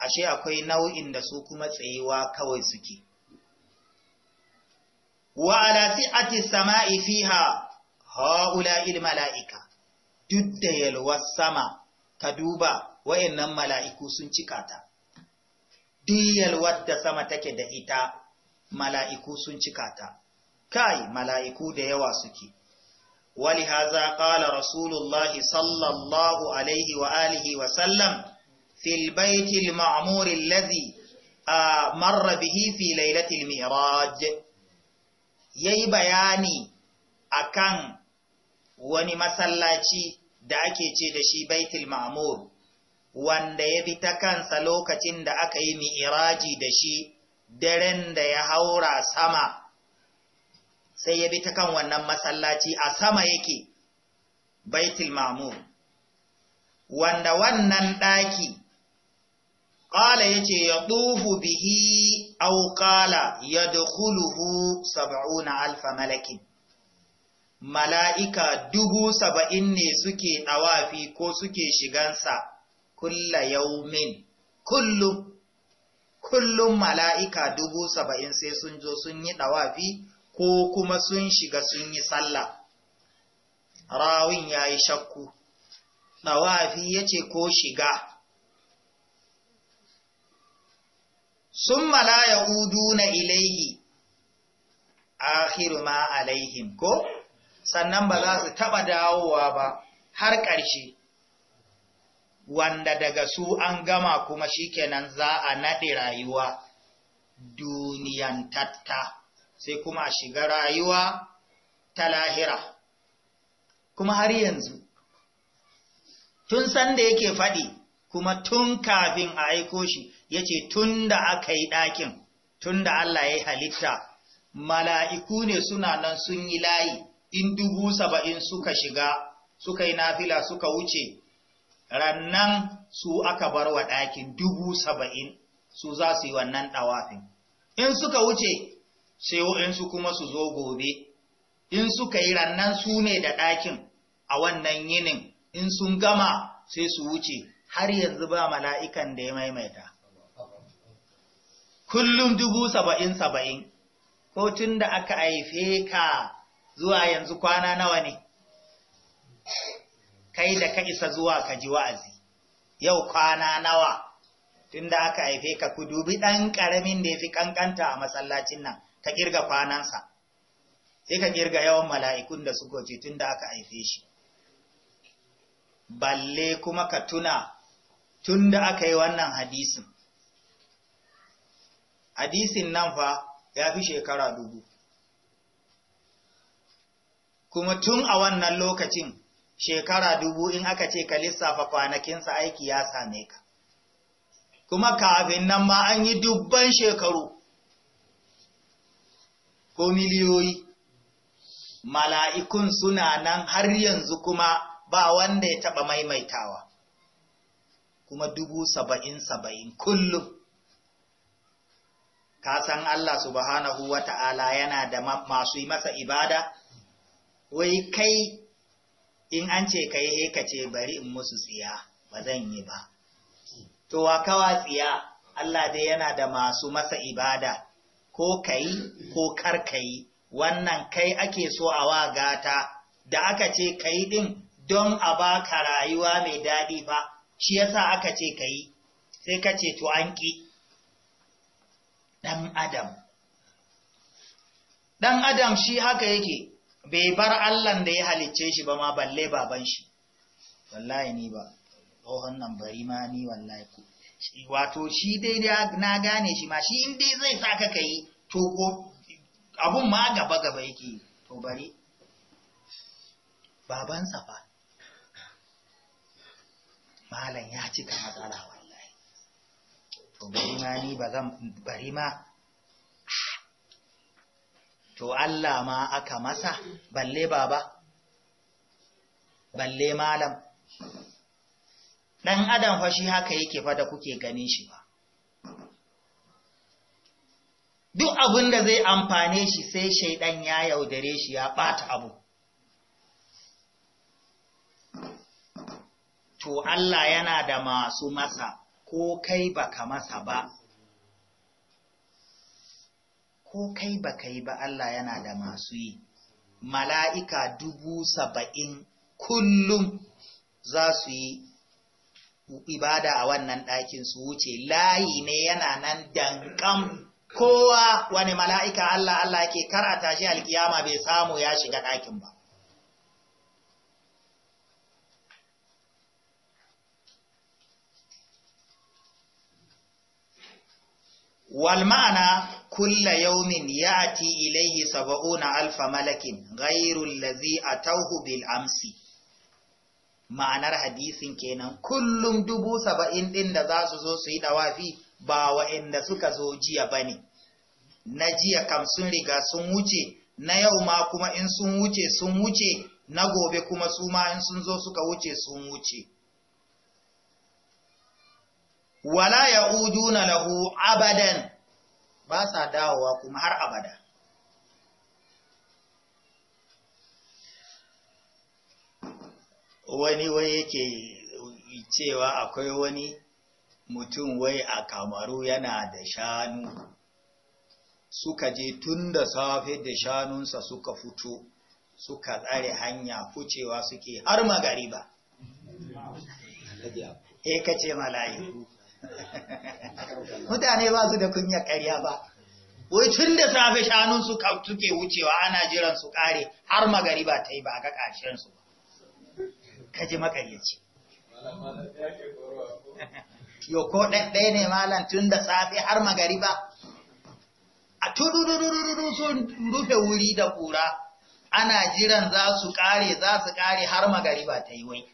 ashe akwai nau'in da su kuma tsayewa kawai suke wa ala si'ati sama'i fiha haula il mala'ika duk da yalwar sama ka duba wayannan mala'iku sun cika ta duk yalwar da sama take da ita mala'iku sun cika ta kai mala'iku da yawa suke wali haza qala rasulullahi sallallahu alaihi wa alihi wa sallam fil baitil ma'mur allazi bihi fi lailatul mi'raj yayi bayani akan wani masallaci da ake ce da shi baitul ma'mur wanda ya bi ta kansa lokacin da aka yi mi'iraji da shi daren da ya haura sama sai ya bi ta kan wannan masallaci a sama yake baitul ma'mur wanda wannan ɗaki Ƙala ya ce, Ya ɗufu bihi auƙala ya dukuluhu saba'una alfa malakin. Mala'ika dubu saba'in ne suke ɗawafi ko suke shigansa kulla yaumin, kullum, kullum mala'ika dubu saba'in sai sun zo sun yi ɗawafi ko kuma sun shiga sun yi sallah. Rawin ya yi shakku, ɗawafi ya ce ko shiga. sun mala yahudu na ilaihi akhiru ma alaihim ko sannan ba za su taɓa dawowa ba har ƙarshe wanda daga su an gama kuma shi shikenan za a naɗe rayuwa duniyan tatta sai kuma a shiga rayuwa ta lahira kuma har yanzu tun sanda yake faɗi kuma tun kafin a aiko shi Ya ce tun da aka yi ɗakin tun da Allah ya yi halitta mala'iku ne suna nan sun yi layi in dubu saba'in suka shiga suka yi nafila suka wuce rannan su aka bar wa ɗakin dubu saba'in su za su yi wannan ɗawafin in suka wuce sai su kuma su zo gobe in suka yi rannan su ne da ɗakin a wannan yinin in sun gama sai su wuce har yanzu ba mala'ikan da ya maimaita kullum dubu saba'in saba'in, ko tun da aka haife ka zuwa yanzu kwana nawa ne, kai da ka isa zuwa ka ji wa'azi, yau kwana nawa tun da aka haife ka ku dubi ɗan ƙaramin da ya fi ƙanƙanta a masallacin nan, ka ƙirga kwanansa, sai ka ƙirga yawan mala'ikun da su ce tun da aka haife shi. Balle kuma ka tuna tun da aka yi wannan hadisin. hadisin nan fa ya fi shekara dubu kuma tun a wannan lokacin shekara dubu in aka ce ka lissafa kwanakinsa aiki ya same ka kuma kafin nan ma an yi dubban shekaru ko miliyoyi mala'ikun suna nan har yanzu kuma ba wanda ya taɓa maimaitawa kuma dubu saba'in saba'in kullum ka san Allah subhanahu wa ta'ala yana da masu yi masa ibada wai kai in an ce kai he ka ce bari in musu tsiya ba zan yi ba to wa kawa tsiya Allah dai yana da masu masa ibada ko kai ko kar kai wannan kai ake so a wa gata da aka ce kai din don a ba ka rayuwa mai daɗi ba shi yasa aka ce kai sai ka ce to an ki ɗan adam ɗan adam shi haka yake bai bar Allahn da ya halicce shi ba ma balle baban shi wallahi ni ba tsohon nan bari ma ni wallahi ku wato shi dai na gane shi ma shi in dai zai saka yi, to ko abun ma gaba gaba yake to bari babansa fa malam ya cika matsala to bari ma ni ba zan bari ma to Allah ma aka masa balle baba balle malam dan adam fashi haka yake fa da kuke ganin shi ba duk abin da zai amfane shi sai shaidan ya yaudare shi ya bata abu to Allah yana da masu masa ko kai baka masa ba ko kai baka yi ba Allah yana da masu yi mala'ika dubu saba'in kullum za su yi ibada a wannan ɗakin su wuce layi ne yana nan dankam kowa wani mala'ika Allah Allah ke karata shi alkiyama bai samu ya shiga ɗakin ba wal kulla yawmin ya'ti ilayhi sab'una alfa malakin ghayru allazi atawhu bil amsi ma'anar hadisin kenan kullum dubu saba'in ɗin da za su zo su yi dawafi ba wa'inda suka zo jiya bane na jiya kam sun riga sun wuce na yau ma kuma in sun wuce sun wuce na gobe kuma su ma in sun zo suka wuce sun wuce wala ya uduna lahu abadan ba sa dawowa kuma har abada wani wai yake cewa akwai wani mutum wai a kamaru yana da shanu suka je tun da safe da shanunsa suka fito suka tsare hanya kucewa suke har magariba e ka ce mala'iku mutane ba su da kunya ƙarya ba wai tun da safe shanunsu suke wucewa ana jiran su kare har magari ba ta yi ba ga ƙarshensu ka ji makaryaci yo ko ɗaɗɗaya ne malam tun da safe har magari ba a tudududududu sun rufe wuri da ƙura ana jiran za su ƙare za su ƙare har magari ba ta yi wai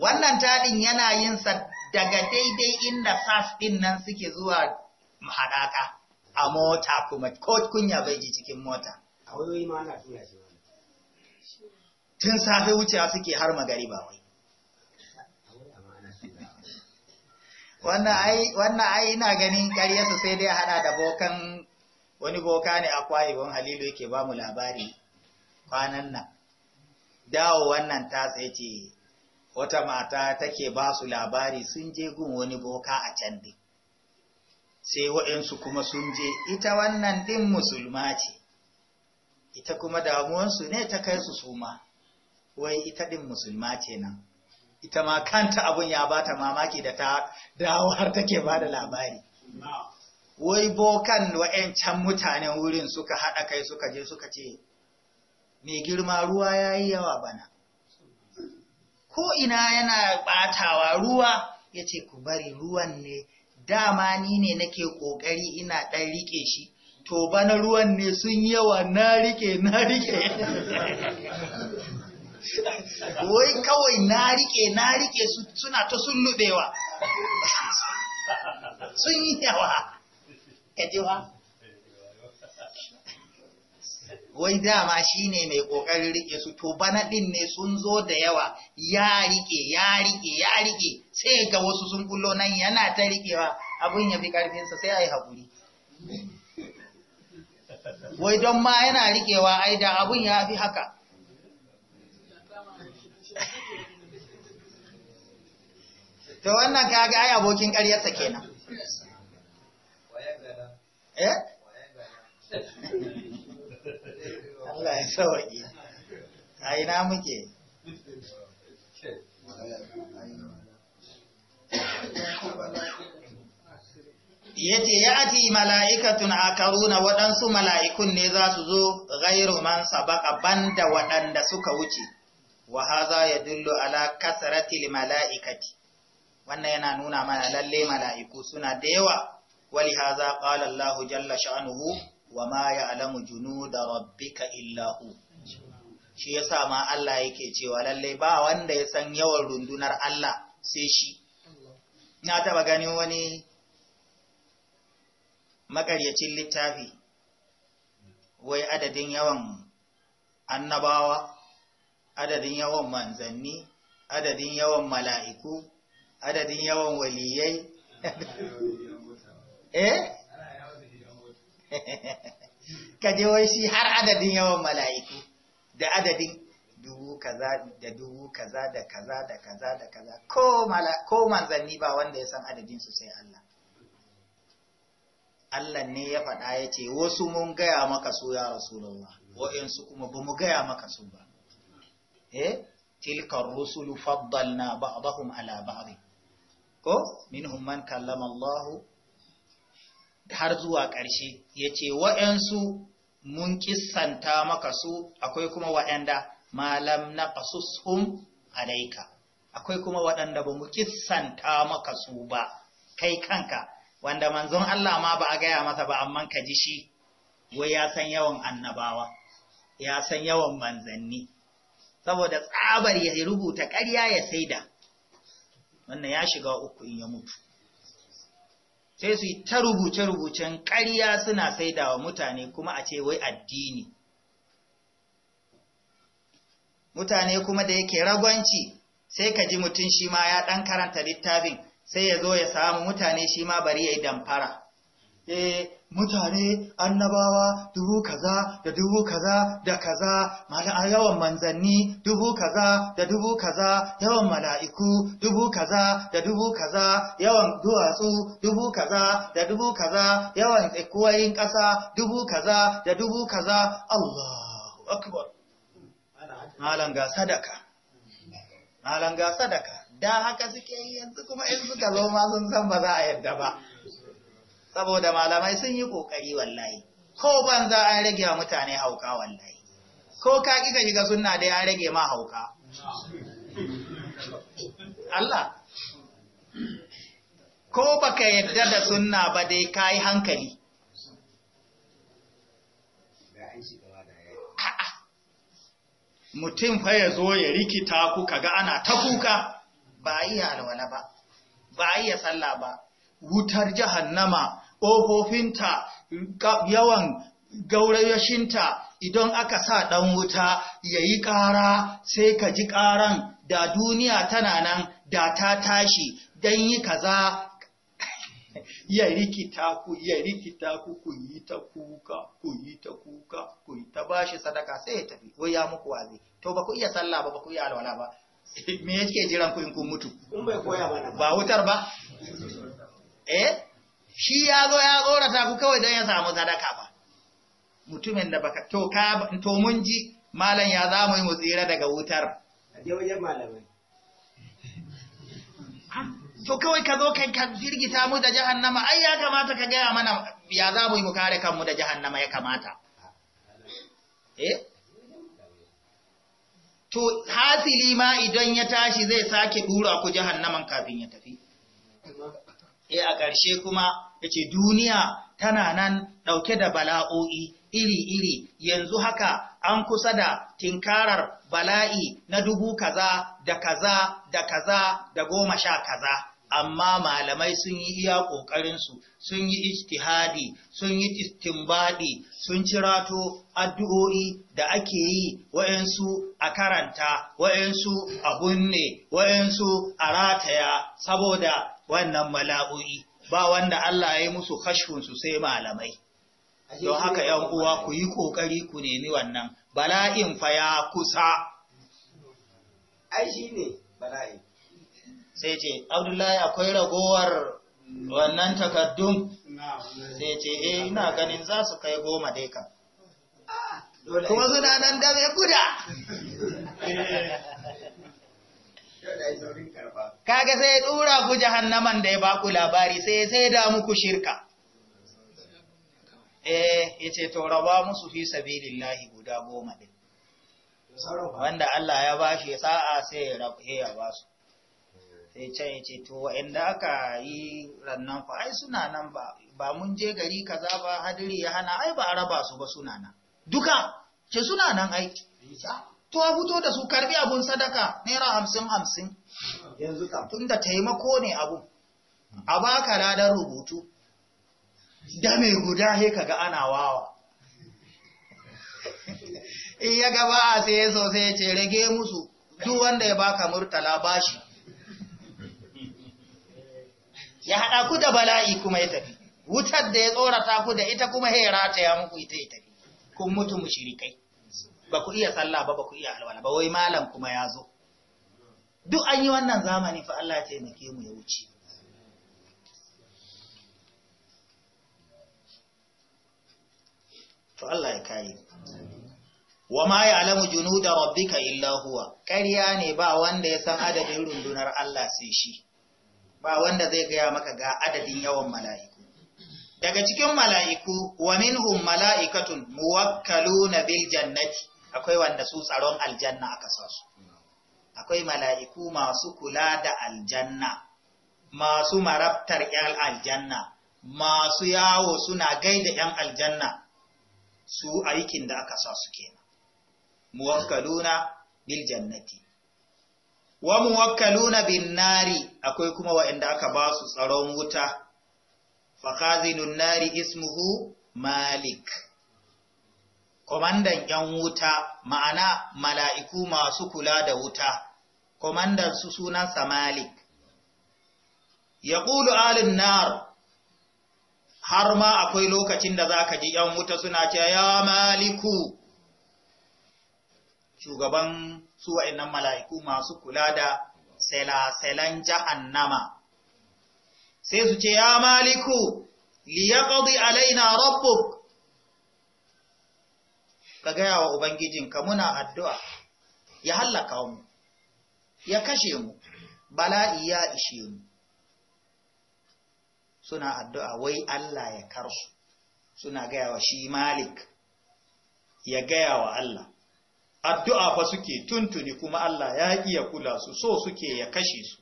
wannan tarin yana yin sa daga daidai inda sas ɗin nan suke zuwa haɗaka a mota kuma ko kunya bai ji cikin mota a ma ana tura shi tun safe wucewa suke har magari ba wai wannan ai ina ganin su sai dai haɗa da bokan wani boka ne a kwayewan halilu yake ba mu labari kwanan nan dawo wannan ta tsaye ce wata mata take ba su labari sun je gun wani boka a can din sai waɗansu kuma sun je ita wannan din musulma ce ita kuma damuwansu ne ta kai su suma wai ita din musulma ce nan ita ma kanta abun ya bata mamaki da ta dawo har take ba da labari wai bokan wa'yancan mutanen wurin suka haɗa kai suka je suka ce mai girma ruwa ya yi yawa bana ko ina yana ɓatawa ruwa ya ce ku bari ruwan ne dama ni ne nake ƙoƙari ina ɗan riƙe shi to bana ruwan ne sun yawa na riƙe na riƙe wai kawai na riƙe na riƙe suna ta sulluɓewa sun yawa ka wai dama shi ne mai ƙoƙarin riƙe su to bana ɗin ne sun zo da yawa ya riƙe ya riƙe ya riƙe sai ga wasu sun kullo nan yana ta riƙewa abin ya fi ƙarfinsa sai a yi haƙuri wai don ma yana riƙewa ai da abin ya fi haka to wannan kaga ai abokin ƙaryarsa kenan Allah ya sauki a ina muke ya ce ya ati mala'ikatun akaruna waɗansu mala'ikun ne za su zo gairu man sabaka banda waɗanda suka wuce wa haza ya dullo ala kasaratil mala'ikati wannan yana nuna mana lalle mala'iku suna da yawa wali haza ƙalallahu jalla sha'anuhu wa ma ya junu da rabbika illa hu shi sa ma Allah yake cewa lalle ba wanda ya san yawan rundunar Allah sai shi na taba ganin wani makaryacin littafi wai adadin yawan annabawa adadin yawan manzanni adadin yawan mala'iku adadin yawan waliyai eh Kaje je wai shi har adadin yawan mala'iku da adadin dubu kaza da dubu kaza da kaza da kaza da kaza ko mala ko manzanni ba wanda ya san adadin su sai Allah Allah ne ya faɗa ya ce wasu mun gaya maka su ya rasulullah wa'insu kuma ba mu gaya maka su ba eh tilka rusulu faddalna ba'dahum ala ba'd ko minhum man kallama Allahu har zuwa ƙarshe ya ce wa'yansu mun kisanta maka su akwai kuma waɗanda malam na ƙasusun alaika akwai kuma waɗanda ba mu kisanta maka su ba kai kanka wanda manzon Allah ma ba a gaya masa ba amma ka ji shi wai ya san yawan annabawa ya san yawan manzanni saboda tsabar ya rubuta ƙarya ya saida wannan ya shiga uku in ya mutu sai su ta rubuce-rubucen ƙarya suna wa mutane kuma a ce wai addini mutane kuma da yake ragwanci sai ka ji mutum shi ma ya ɗan karanta littafin sai ya zo ya samu mutane shi ma bari ya yi damfara eh, mutane annabawa dubu kaza da dubu kaza da kaza mala'a yawan manzanni dubu kaza da dubu kaza yawan mala'iku dubu kaza da dubu kaza yawan duwatsu dubu kaza da dubu kaza yawan tsikuwayin ƙasa dubu kaza da dubu kaza Allahu akbar malan ga sadaka malan ga sadaka da haka suke yanzu kuma in suka zo ma sun san ba za a yadda ba saboda malamai sun yi ƙoƙari wallahi ko ban za an rage wa mutane hauka wallahi ko ka kika shiga sunna da ya rage ma hauka Allah ko baka yadda da sunna ba dai kai hankali mutum fa ya zo ya rikita ku kaga ana ta kuka ba iya alwala ba ba iya sallah ba wutar jahannama ƙofofinta yawan gaurayashinta idan aka sa ɗan wuta ya yi ƙara sai ka ji ƙaran da duniya tana nan da ta tashi don yi kaza ya rikita ku ya rikita ku ku yi ta kuka ku yi ta kuka ku yi ta bashi sadaka sai ya tafi ko ya muku wazi to ba ku iya sallah ba ba ku iya alwala ba me yake jiran ku in kun mutu kun bai koya ba wutar ba eh shi ya zo ya tsorata ku kawai don ya samu sadaka ba mutumin da baka to ka to mun ji malam ya za mu yi mu tsira daga wutar aje wajen malamai to kawai ka zo kai ka firgita mu da jahannama ai ya kamata ka gaya mana ya za mu yi mu kare kanmu da jahannama ya kamata eh to hasili ma idan ya tashi zai sake dura ku jahannaman kafin ya tafi e a ƙarshe kuma ce duniya tana nan ɗauke da bala'o'i iri-iri yanzu haka an kusa da tinkarar bala'i na dubu kaza da kaza da kaza da goma sha kaza amma malamai sun yi iya ƙoƙarinsu sun yi ijtihadi sun yi istimbadi sun cirato addu'o'i da ake yi wa'yansu a karanta wa'yansu a bunne wa'yansu a rataya saboda wannan mala'o'i ba wanda Allah ya yi musu kashfinsu sai malamai don haka ‘yan uwa ku yi ƙoƙari ku nemi wannan bala'in fa ya kusa ai ne bala'i sai ce abdullahi akwai ragowar wannan takaddun sai ce eh ina ganin za su kai goma dai ka ah, kuma suna nan dame guda kaga sai tsura ku jahannaman da ya baku labari sai sai da muku shirka eh ce to raba musu fi sabilillahi guda goma ɗin. wanda Allah ya bashi sa'a sai ya ba su sai can ya ce to wa'inda aka yi rannan fa ai suna nan ba ba mun je gari kaza ba hadiri ya hana ai ba a raba su ba suna nan duka ce suna nan ai to a fito da su karbi abun sadaka naira hamsin hamsin yanzu da taimako ne abu a baka ladar rubutu da mai guda he kaga ana wawa in ya gaba a sai sosai ce rage musu duk wanda ya baka murtala bashi ya haɗa ku da bala'i kuma ya tafi wutar da ya tsorata ku da ita kuma hera ta ya muku ita ya tafi kun mutu mu shirikai ba ku iya sallah ba ba ku iya alwala ba wai malam kuma ya zo duk an yi wannan zamani fa Allah ya taimake mu ya wuce to Allah ya kai wa ma ya'lamu junuda rabbika illa huwa ƙarya ne ba wanda ya san adadin rundunar Allah sai shi ba wanda zai gaya maka ga adadin yawan mala'iku daga cikin mala'iku wa minhum mala'ikatun muwakkaluna bil jannati akwai wanda su tsaron aljanna aka sa su akwai mala'iku masu kula da aljanna masu marabtar ‘yan aljanna masu yawo suna gaida ‘yan aljanna su aikin da aka sa su kenan muwakkaluna bil jannati wa muwakkaluna bin nari akwai kuma wa'inda aka ba su tsaron wuta fa khazinun nari ismuhu malik komandan ‘yan wuta, ma'ana mala'iku masu kula da wuta, komandan su sunansa Malik. Ya ƙulu alin nar, har ma akwai lokacin da za ka ji ‘yan wuta suna ce, ya Maliku, shugaban su wa'innan mala'iku masu kula da selaselan jahannama. Sai su ce, ya Maliku, liya alaina rabbuk ka gaya wa ka muna addu'a, ya hallaka mu, ya kashe mu, bala'i ya ishe mu. Suna addu'a wai Allah ya karsu, suna gaya wa shi Malik, ya gaya wa Allah. Addu'a fa suke tuntuni kuma Allah ya iya kula su, so suke ya kashe su,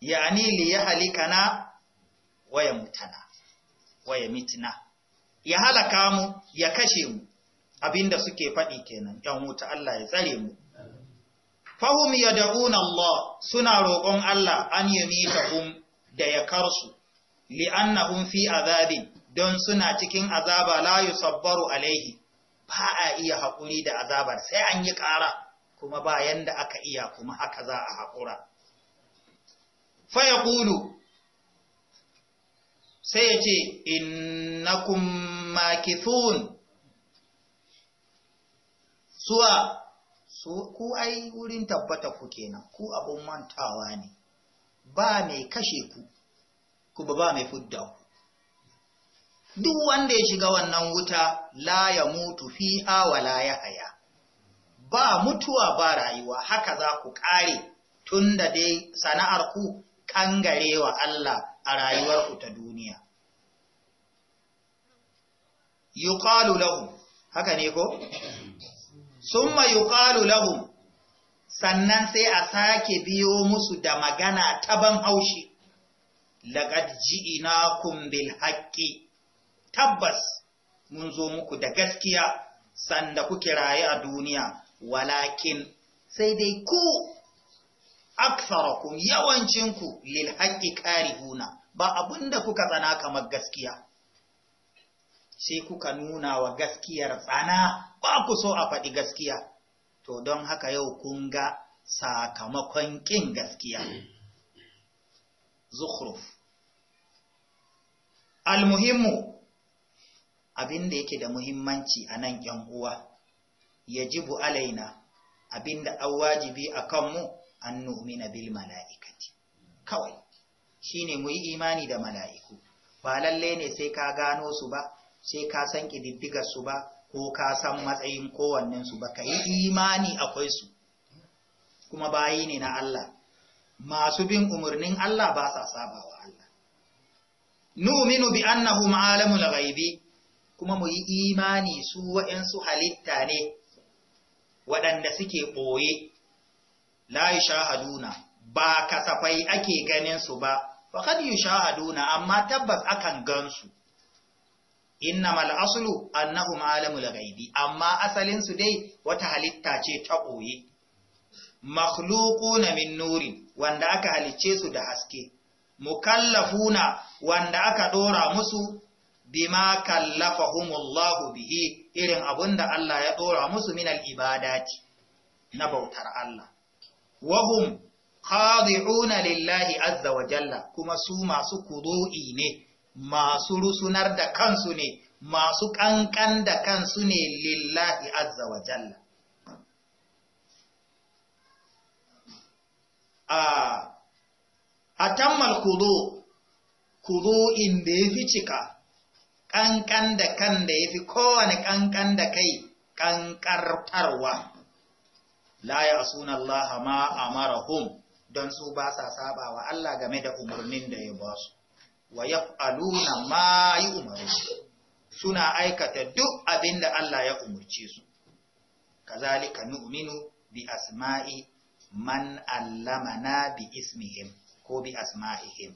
ya li ya na waya mutana, waya mitina, ya halaka mu, ya kashe mu. abinda suke faɗi kenan ‘yan wuta Allah ya tsare mu. Fahum ya da'un Allah suna roƙon Allah an yi hum da ya karsu, li'annahum fi azabin don suna cikin azaba la yusabbaru alaihi, ba a iya haƙuri da azabar sai an yi ƙara, kuma ba yanda aka iya kuma haka za a haƙura. Fa sai ya ce, Innakum makithun Zuwa su ku ai wurin tabbata ku kenan ku abun mantawa ne ba mai kashe ku kuma ba mai fudda ku duk wanda ya shiga wannan wuta la ya mutu fi hawa la ya haya ba mutuwa ba rayuwa haka za ku kare tun da dai sana'ar ku kangarewa Allah a rayuwarku ta duniya yuqalu lahu haka ne ko summa ƙalu lahum sannan sai a sake biyo musu da magana ta ban haushi laqad ina bil haƙƙi tabbas mun zo muku da gaskiya sanda kuke raye a duniya walakin sai dai ku aktharakum yawancinku lil ƙari huna, ba abinda kuka tsana kamar gaskiya sai kuka nuna wa gaskiyar tsana ba ku so a faɗi gaskiya to don haka yau kun ga sakamakon ƙin gaskiya zukhruf almuhimmu abin da yake da muhimmanci a nan ‘yan uwa ya ji alaina abin da an wajibi a kanmu an nomina bil mala'ikati kawai shi ne mu yi imani da mala'iku ba lalle ne sai ka gano su ba sai ka san ƙididdigar su ba ko ka san matsayin kowannen su ba ka yi imani akwai su kuma bayi ne na Allah masu bin umarnin Allah ba sa sabawa Allah nu'minu bi annahu ma'alamul ghaibi kuma mu yi imani su waɗansu halitta ne waɗanda suke ɓoye la yashahaduna ba kasafai ake ganin su ba kad yushahaduna amma tabbas akan gansu innamal aslu annahum alamul ghaibi amma asalin su dai wata halitta ce ta ɓoye. makhluquna min nurin wanda aka halicce su da haske mukallafuna wanda aka dora musu bima kallafahumullahu bihi irin abunda Allah ya dora musu min al-ibadati na bautar Allah wahum khadi'una lillahi azza wa jalla kuma su masu kudu'i ne masu rusunar da kansu ne masu ƙanƙan da kansu ne lillahi azza wa jalla a tammal kudu kudu inda ya fi cika ƙanƙan da kan da ya fi kowane ƙanƙan da kai ƙanƙartarwa la ya suna Allah ma hun, don su ba sa saba Allah game da umarnin da ya ba su wa na ma yu'maru suna aikata duk abin da Allah ya umarci su kazalika nu'minu bi asma'i man allamana bi ismihim ko bi asma'ihim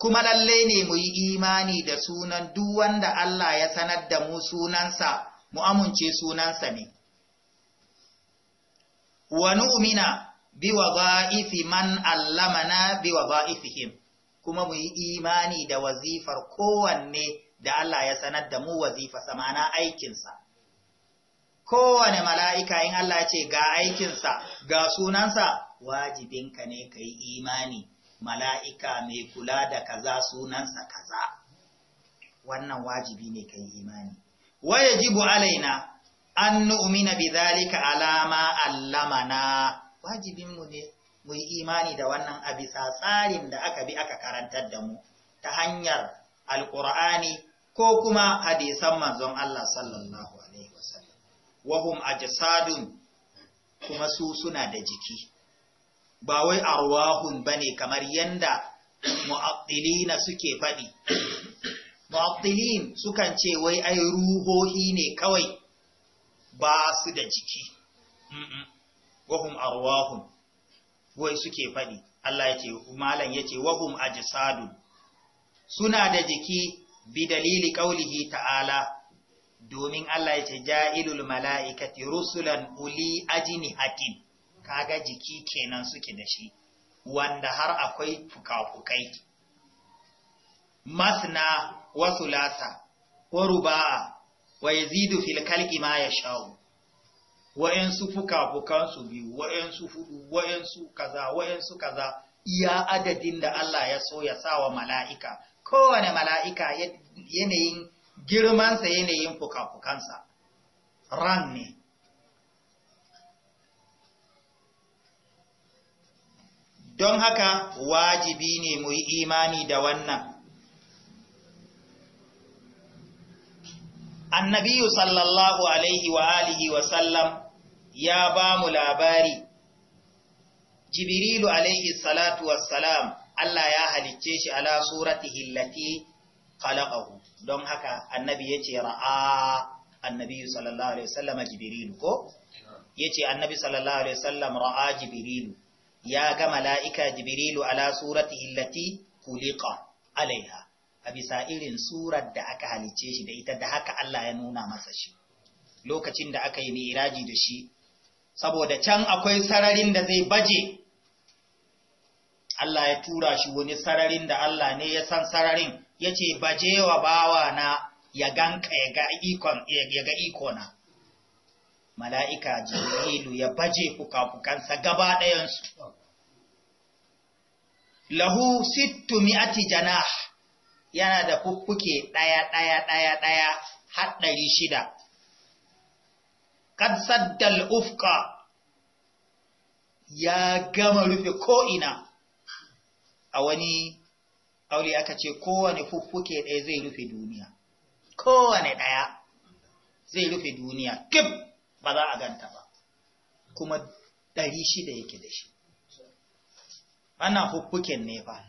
kuma lalle ne mu yi imani da sunan duk wanda Allah ya sanar da mu sunansa mu amince sunansa ne wa nu'mina bi wadha'ifi man allamana bi wadha'ifihim kuma mu yi imani da wazifar kowanne da Allah ya sanar da mu wazifa samana aikinsa. Kowane mala'ika in Allah ce ga aikinsa, ga sunansa, wajibinka ne ka yi imani, mala'ika mai kula da kaza sunansa kaza. Wannan wajibi ne ka yi imani. Waya jibu alaina, an nu'umina bi zalika alama allamana, wajibinmu ne mu yi imani da wannan abi tsarin da aka bi aka karantar da mu ta hanyar alƙur'ani ko kuma hadisan manzon Allah sallallahu alaihi wasallam wahum ajsadun kuma su suna da jiki ba wai arwahun bane kamar yanda mu'attilina suke faɗi mu'attilin sukan ce wai ai ruhohi ne kawai ba su da jiki wahum arwahun wai suke faɗi Allah ya ce malam ya ce wahum ajsadun suna da jiki bi dalili qaulihi ta'ala domin Allah ya ce ja'ilul mala'ikati rusulan uli ajni hatin kaga jiki kenan suke da shi wanda har akwai fukafukai masna wa sulasa wa ruba wa yazidu fil kalqi ma yasha'u wa'yansu fuka-fukansu biyu wa'yansu hudu wa'yansu kaza wa'yansu kaza iya adadin da Allah ya so ya sa wa mala'ika kowane mala'ika yanayin girmansa yanayin fuka-fukansa ran ne don haka wajibi ne mu yi imani da wannan annabiyu sallallahu alaihi wa alihi wa sallam ya ba mu labari jibrilu alaihi salatu wassalam Allah ya halicce shi ala suratihi allati khalaqahu don haka annabi yace ra'a annabi sallallahu alaihi wasallam jibrilu ko yace annabi sallallahu alaihi wasallam ra'a jibrilu ya ga mala'ika jibrilu ala suratihi allati khuliqa alaiha a bisa irin surar da aka halicce shi da ita da haka Allah ya nuna masa shi lokacin da aka yi miraji da shi saboda can akwai sararin da zai baje Allah ya tura shi wani sararin da Allah ne ya san sararin yace ce baje wa bawa na ya ganka ya ga ikona mala'ika jibrilu ya baje fuka-fukansa gaba ɗayansu lahu sittu mi'ati janah yana da fuffuke ɗaya ɗaya ɗaya ɗaya haɗari shida kad saddal ufka ya gama rufe ko'ina a wani aure aka ce kowane fuffuke ɗaya zai rufe duniya kowane ɗaya zai rufe duniya kib ba za a ganta ba kuma ɗari shida yake da shi ana fuffuken ne ba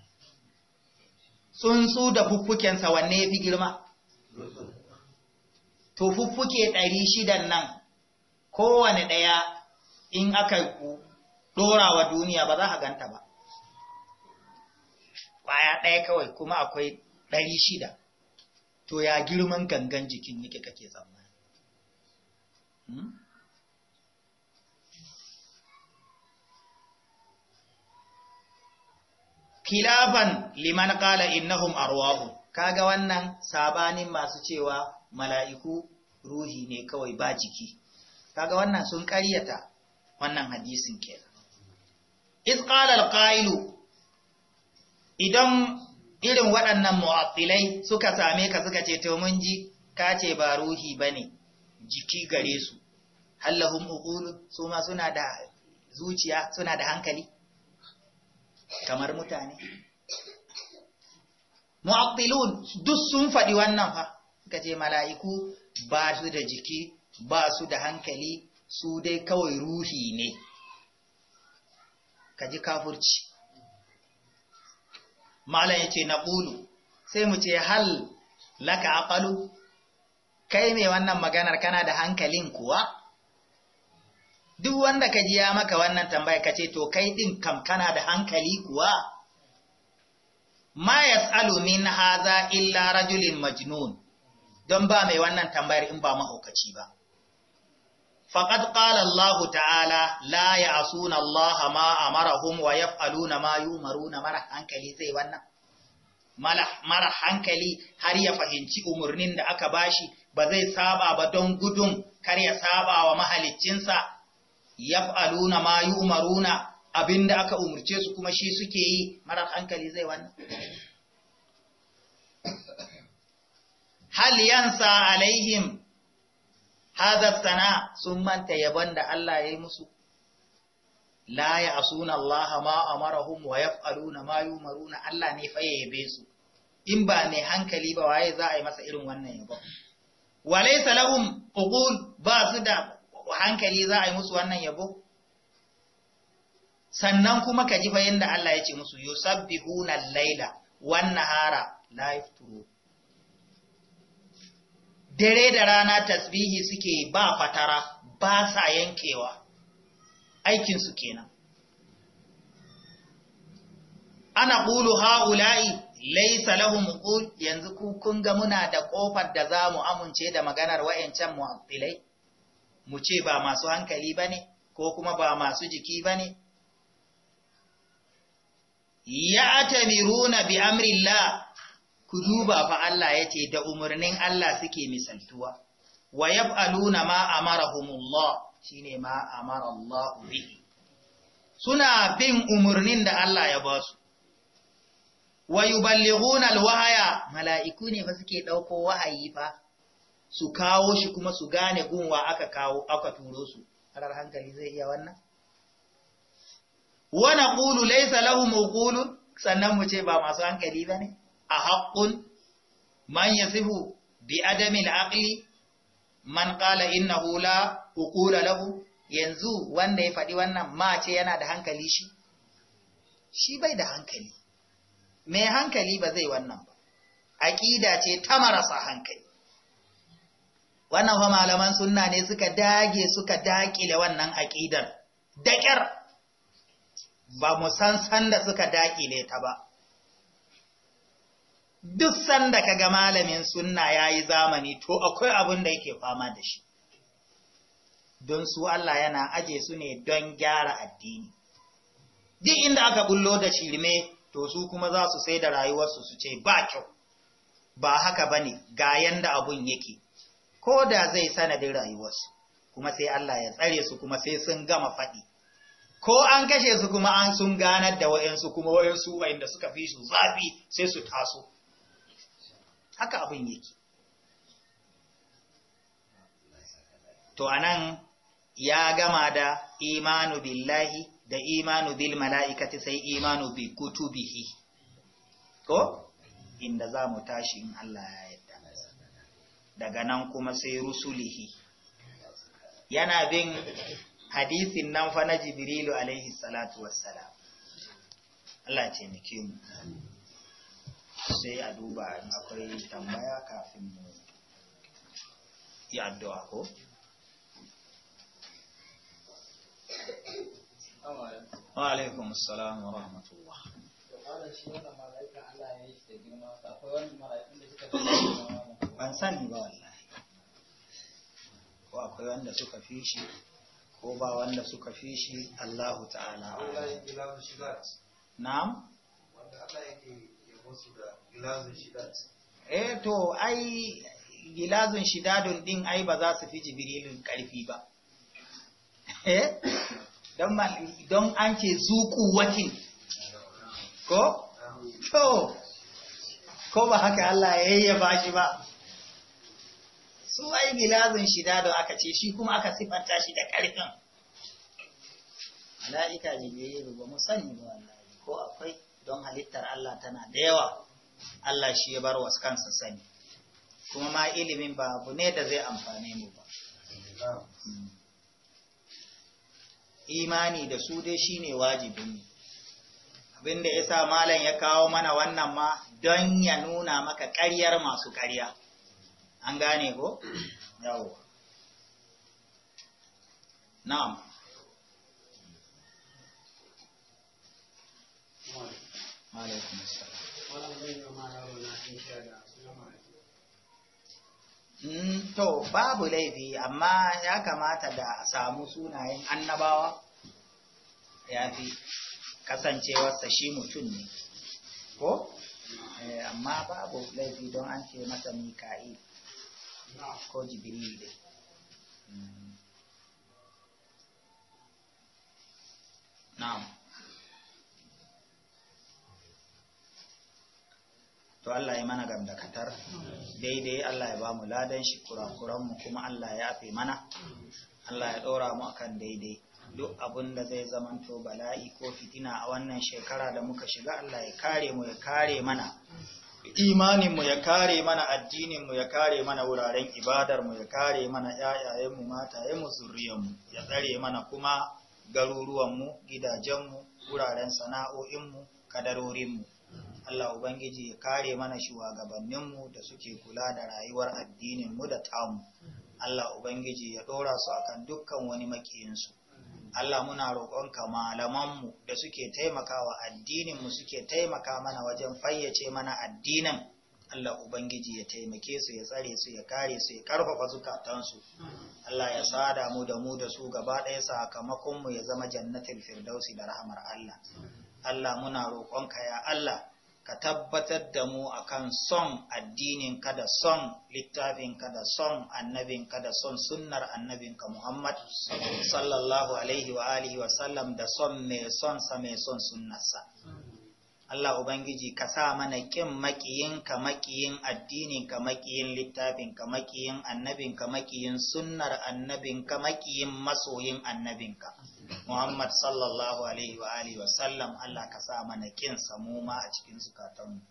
tsuntsu da fuffukensa wanne ya fi girma to fuffuke ɗari shidan nan kowane ɗaya in aka ɗora wa duniya ba za a ganta ba ƙwaya ɗaya kawai kuma akwai ɗari shida to ya girman gangan jikin yake kake zama. Hmm? Kilafan liman ƙala innahum arwahu kaga wannan sabanin masu cewa mala'iku ruhi ne kawai ba jiki kaga wannan sun ƙaryata wannan hadisin ke. iz qala al idan irin waɗannan mu'attilai suka same ka suka ce to mun ji ka ce ba ruhi bane jiki gare su hallahum uqul su ma suna da zuciya suna da hankali kamar mutane mu'attilun duk sun faɗi wannan fa suka ce mala'iku ba su da jiki ba su da hankali su dai kawai ruhi ne ka ji kafurci malam ya ce na ƙulu sai mu ce hal laka aƙalu kai mai wannan maganar kana da hankalin kuwa duk wanda ka ji ya maka wannan tambaya kace to kai ɗin kam kana da hankali kuwa ma yas'alu min haza illa rajulin majnun don ba mai wannan tambayar in ba mahaukaci ba faqad qala ta'ala la ya'suna Allah ma amarahum wa yaf'aluna ma yumaruna mara hankali zai wannan mara hankali har ya fahimci umarnin da aka bashi ba zai saba ba don gudun kar ya saba wa mahaliccinsa yaf'aluna ma yumaruna abinda aka umurce su kuma shi suke yi hankali zai wannan hal yansa alaihim hadha sun manta yaban da Allah ya yi musu la ya asuna Allah ma amarahum wa yaf'aluna ma yumaruna Allah ne fa yabe su in ba mai hankali ba waye za a yi masa irin wannan yabo wa laysa lahum uqul ba su da hankali za a yi musu wannan yabo sannan kuma ka ji fa yanda Allah ya ce musu yusabbihuna al-laila wan nahara la yafturu dare da rana tasbihi suke ba fatara ba sa yankewa aikinsu kenan ana ƙulu ha'ula'i laisa lahum qul yanzu ku kun ga muna da ƙofar da za mu amince da maganar wayancan mu'affilai mu ce ba masu hankali bane ko kuma ba masu jiki bane ya'tamiruna bi amrillah ku duba fa Allah ya ce da umarnin Allah suke misaltuwa wa yab'aluna ma amarahumullah shine ma amara Allah bihi suna bin umarnin da Allah ya ba su wa yuballighuna alwahaya mala'iku ne ba suke dauko wahayi fa su kawo shi kuma su gane gunwa aka kawo aka turo su Harar hankali zai iya wannan wa naqulu laysa lahum uqulun sannan mu ce ba masu hankali bane a haƙƙun man ya bi adamin akli, man ƙala inna hula hukula lahu yanzu wanda ya faɗi wannan ma ce yana da hankali shi shi bai da hankali mai hankali ba zai wannan ba aƙida ce ta marasa hankali wannan fa malaman sunna ne suka dage suka daƙile wannan aƙidar daƙyar ba mu san sanda suka daƙile ta ba duk sanda kaga malamin sunna yayi zamani to akwai abin da yake fama da shi don su Allah yana aje su ne don gyara addini duk inda aka bullo da shirme to su kuma za su sai da rayuwarsu su ce ba kyau ba haka bane ga yanda abun yake ko da zai sanadin rayuwarsu kuma sai Allah ya tsare su kuma sai sun gama faɗi ko an kashe su kuma an sun ganar da wa'yansu kuma wa'yansu wa'yanda suka fi su zafi sai su taso haka abin yake to anan ya gama da imanu billahi da imanu bil mala'ikati sai imanu bi kutubihi ko inda za mu tashi in Allah ya yarda. daga nan kuma sai rusulihi yana bin hadisin nan fa na jibrilu alaihi salatu wassalam Allah taimake mu sai a duba akwai tambaya kafin mu yi addu'a ko? wa alaikum salam wa rahmatullah ban sani ba wallahi ko akwai wanda suka fi shi ko ba wanda suka fi shi Allahu ta'ala na'am wanda Allah yake yabo su da eh to ai gilazun shidadun din ai ba za su fi jibrilin karfi ba eh don don an ce zuku watin ko to ko ba haka Allah ya yi ba shi ba su ai gilazun shidadun aka ce shi kuma aka sifanta shi da karfin mala'ika jibrilu ba mu sani ba wallahi ko akwai don halittar Allah tana da yawa Allah shi ya bar wasu kansa sani kuma ma ilimin ba abu ne da zai amfane mu ba imani da su dai shine wajibin abinda yasa malam ya kawo mana wannan ma don ya nuna maka karyar masu karya, an gane ko yawo na'am alaikum assalam Mm, to babu laifi amma ya kamata da a samu sunayen annabawa ya fi kasancewarsa shi mutum ne ko eh, amma babu laifi don an ce masa mika'il ko Jibiri dai mm. na'am to Allah ya mana gamdakatar daidai Allah ya ba mu ladan shi kurakuranmu kuma Allah ya afe mana Allah ya ɗora mu akan daidai duk abin da zai zamanto bala'i ko fitina a wannan shekara da muka shiga Allah ya kare mu ya kare mana imaninmu ya kare mana addininmu ya kare mana wuraren ibadarmu ya kare mana ‘ya'yayenmu matayenmu zurriyanmu ya tsare mana kuma garuruwanmu gidajenmu wuraren sana'o'inmu kadarorinmu Allah Ubangiji ya kare mana shugabanninmu da suke kula da rayuwar addininmu da tamu. Allah Ubangiji ya ɗora su akan dukkan wani makiyinsu. Allah muna roƙonka malamanmu da suke taimakawa addininmu suke taimaka mana wajen fayyace mana addinin. Allah Ubangiji ya taimake su ya tsare su ya kare su ya ƙarfafa zukatansu. Allah ya sada mu da mu da su gaba ɗaya sakamakonmu ya zama jannatin firdausi da rahamar Allah. Allah muna roƙonka ya Allah ka tabbatar da mu akan son addininka da son littafinka da son annabinka da son sunnar annabinka Muhammad sallallahu alaihi wa alihi wa sallam da son mai son sa mai son sunnarsa Allah Ubangiji ka sa mana kin makiyinka makiyin addininka makiyin littafinka makiyin annabinka makiyin sunnar annabinka makiyin masoyin annabinka. Muhammad sallallahu alaihi wa alihi sallam Allah ka sa mana kin samu ma a cikin zukatanmu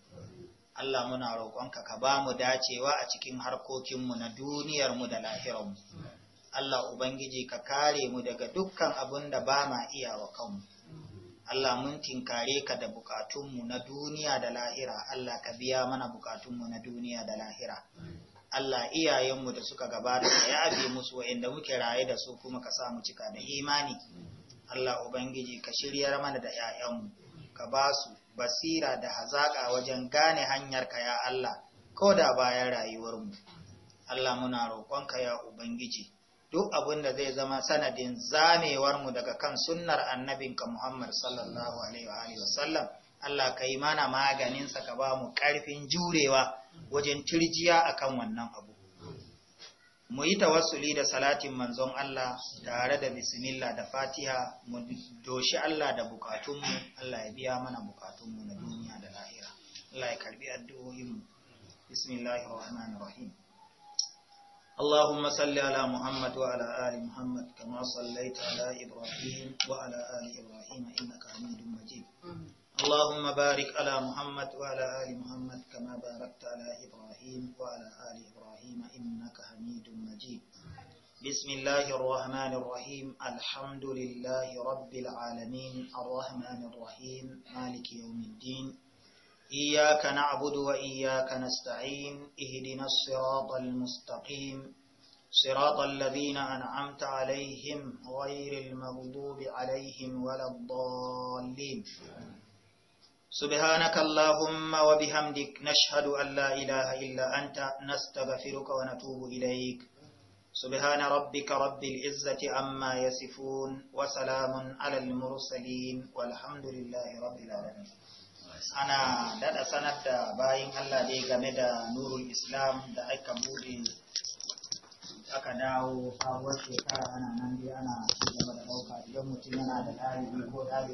Allah muna roƙonka ka ba mu dacewa a cikin harkokinmu na duniyarmu da lahirarmu Allah ubangiji ka kare mu daga dukkan abin da ba ma iya wa kanmu Allah mun tinkare ka da bukatunmu na duniya da lahira Allah ka biya mana bukatunmu na duniya da lahira Allah iyayenmu da suka gabata ya abi musu wa'inda muke raye da su kuma ka sa mu cika da imani Allah ubangiji ka shiryar mana da 'ya'yanmu ka ba su basira da hazaƙa wajen gane hanyar ka ya Allah ko da bayan rayuwarmu Allah muna roƙonka ya ubangiji duk abin da zai zama sanadin zamewar mu daga kan sunnar annabinka Muhammad sallallahu alaihi wa sallam Allah ka yi mana maganinsa ka ba mu ƙarfin jurewa wajen tirjiya akan wannan abu mu yi tawassuli da salatin manzon Allah tare da bismillah da fatiha mu doshi Allah da bukatunmu Allah ya biya mana bukatunmu na duniya da lahira Allah ya karbi addu'o'inmu bismillahir rahmanir rahim اللهم صل على محمد وعلى آل محمد كما صليت على إبراهيم وعلى آل إبراهيم إنك حميد مجيد اللهم بارك على محمد وعلى آل محمد كما باركت على إبراهيم وعلى آل إبراهيم إنك حميد مجيد بسم الله الرحمن الرحيم الحمد لله رب العالمين الرحمن الرحيم مالك يوم الدين إياك نعبد وإياك نستعين اهدنا الصراط المستقيم صراط الذين أنعمت عليهم غير المغضوب عليهم ولا الضالين سبحانك اللهم وبحمدك نشهد أن لا إله إلا أنت نستغفرك ونتوب إليك سبحان ربك رب العزة عما يصفون وسلام على المرسلين والحمد لله رب العالمين أنا دادا سند باين الله دي غمدا نور الإسلام دا أكا بودي aka dawo sabuwar shekara ana nan dai ana ci gaba da ɗauka idan mutum yana da ɗalibi ko ɗalibi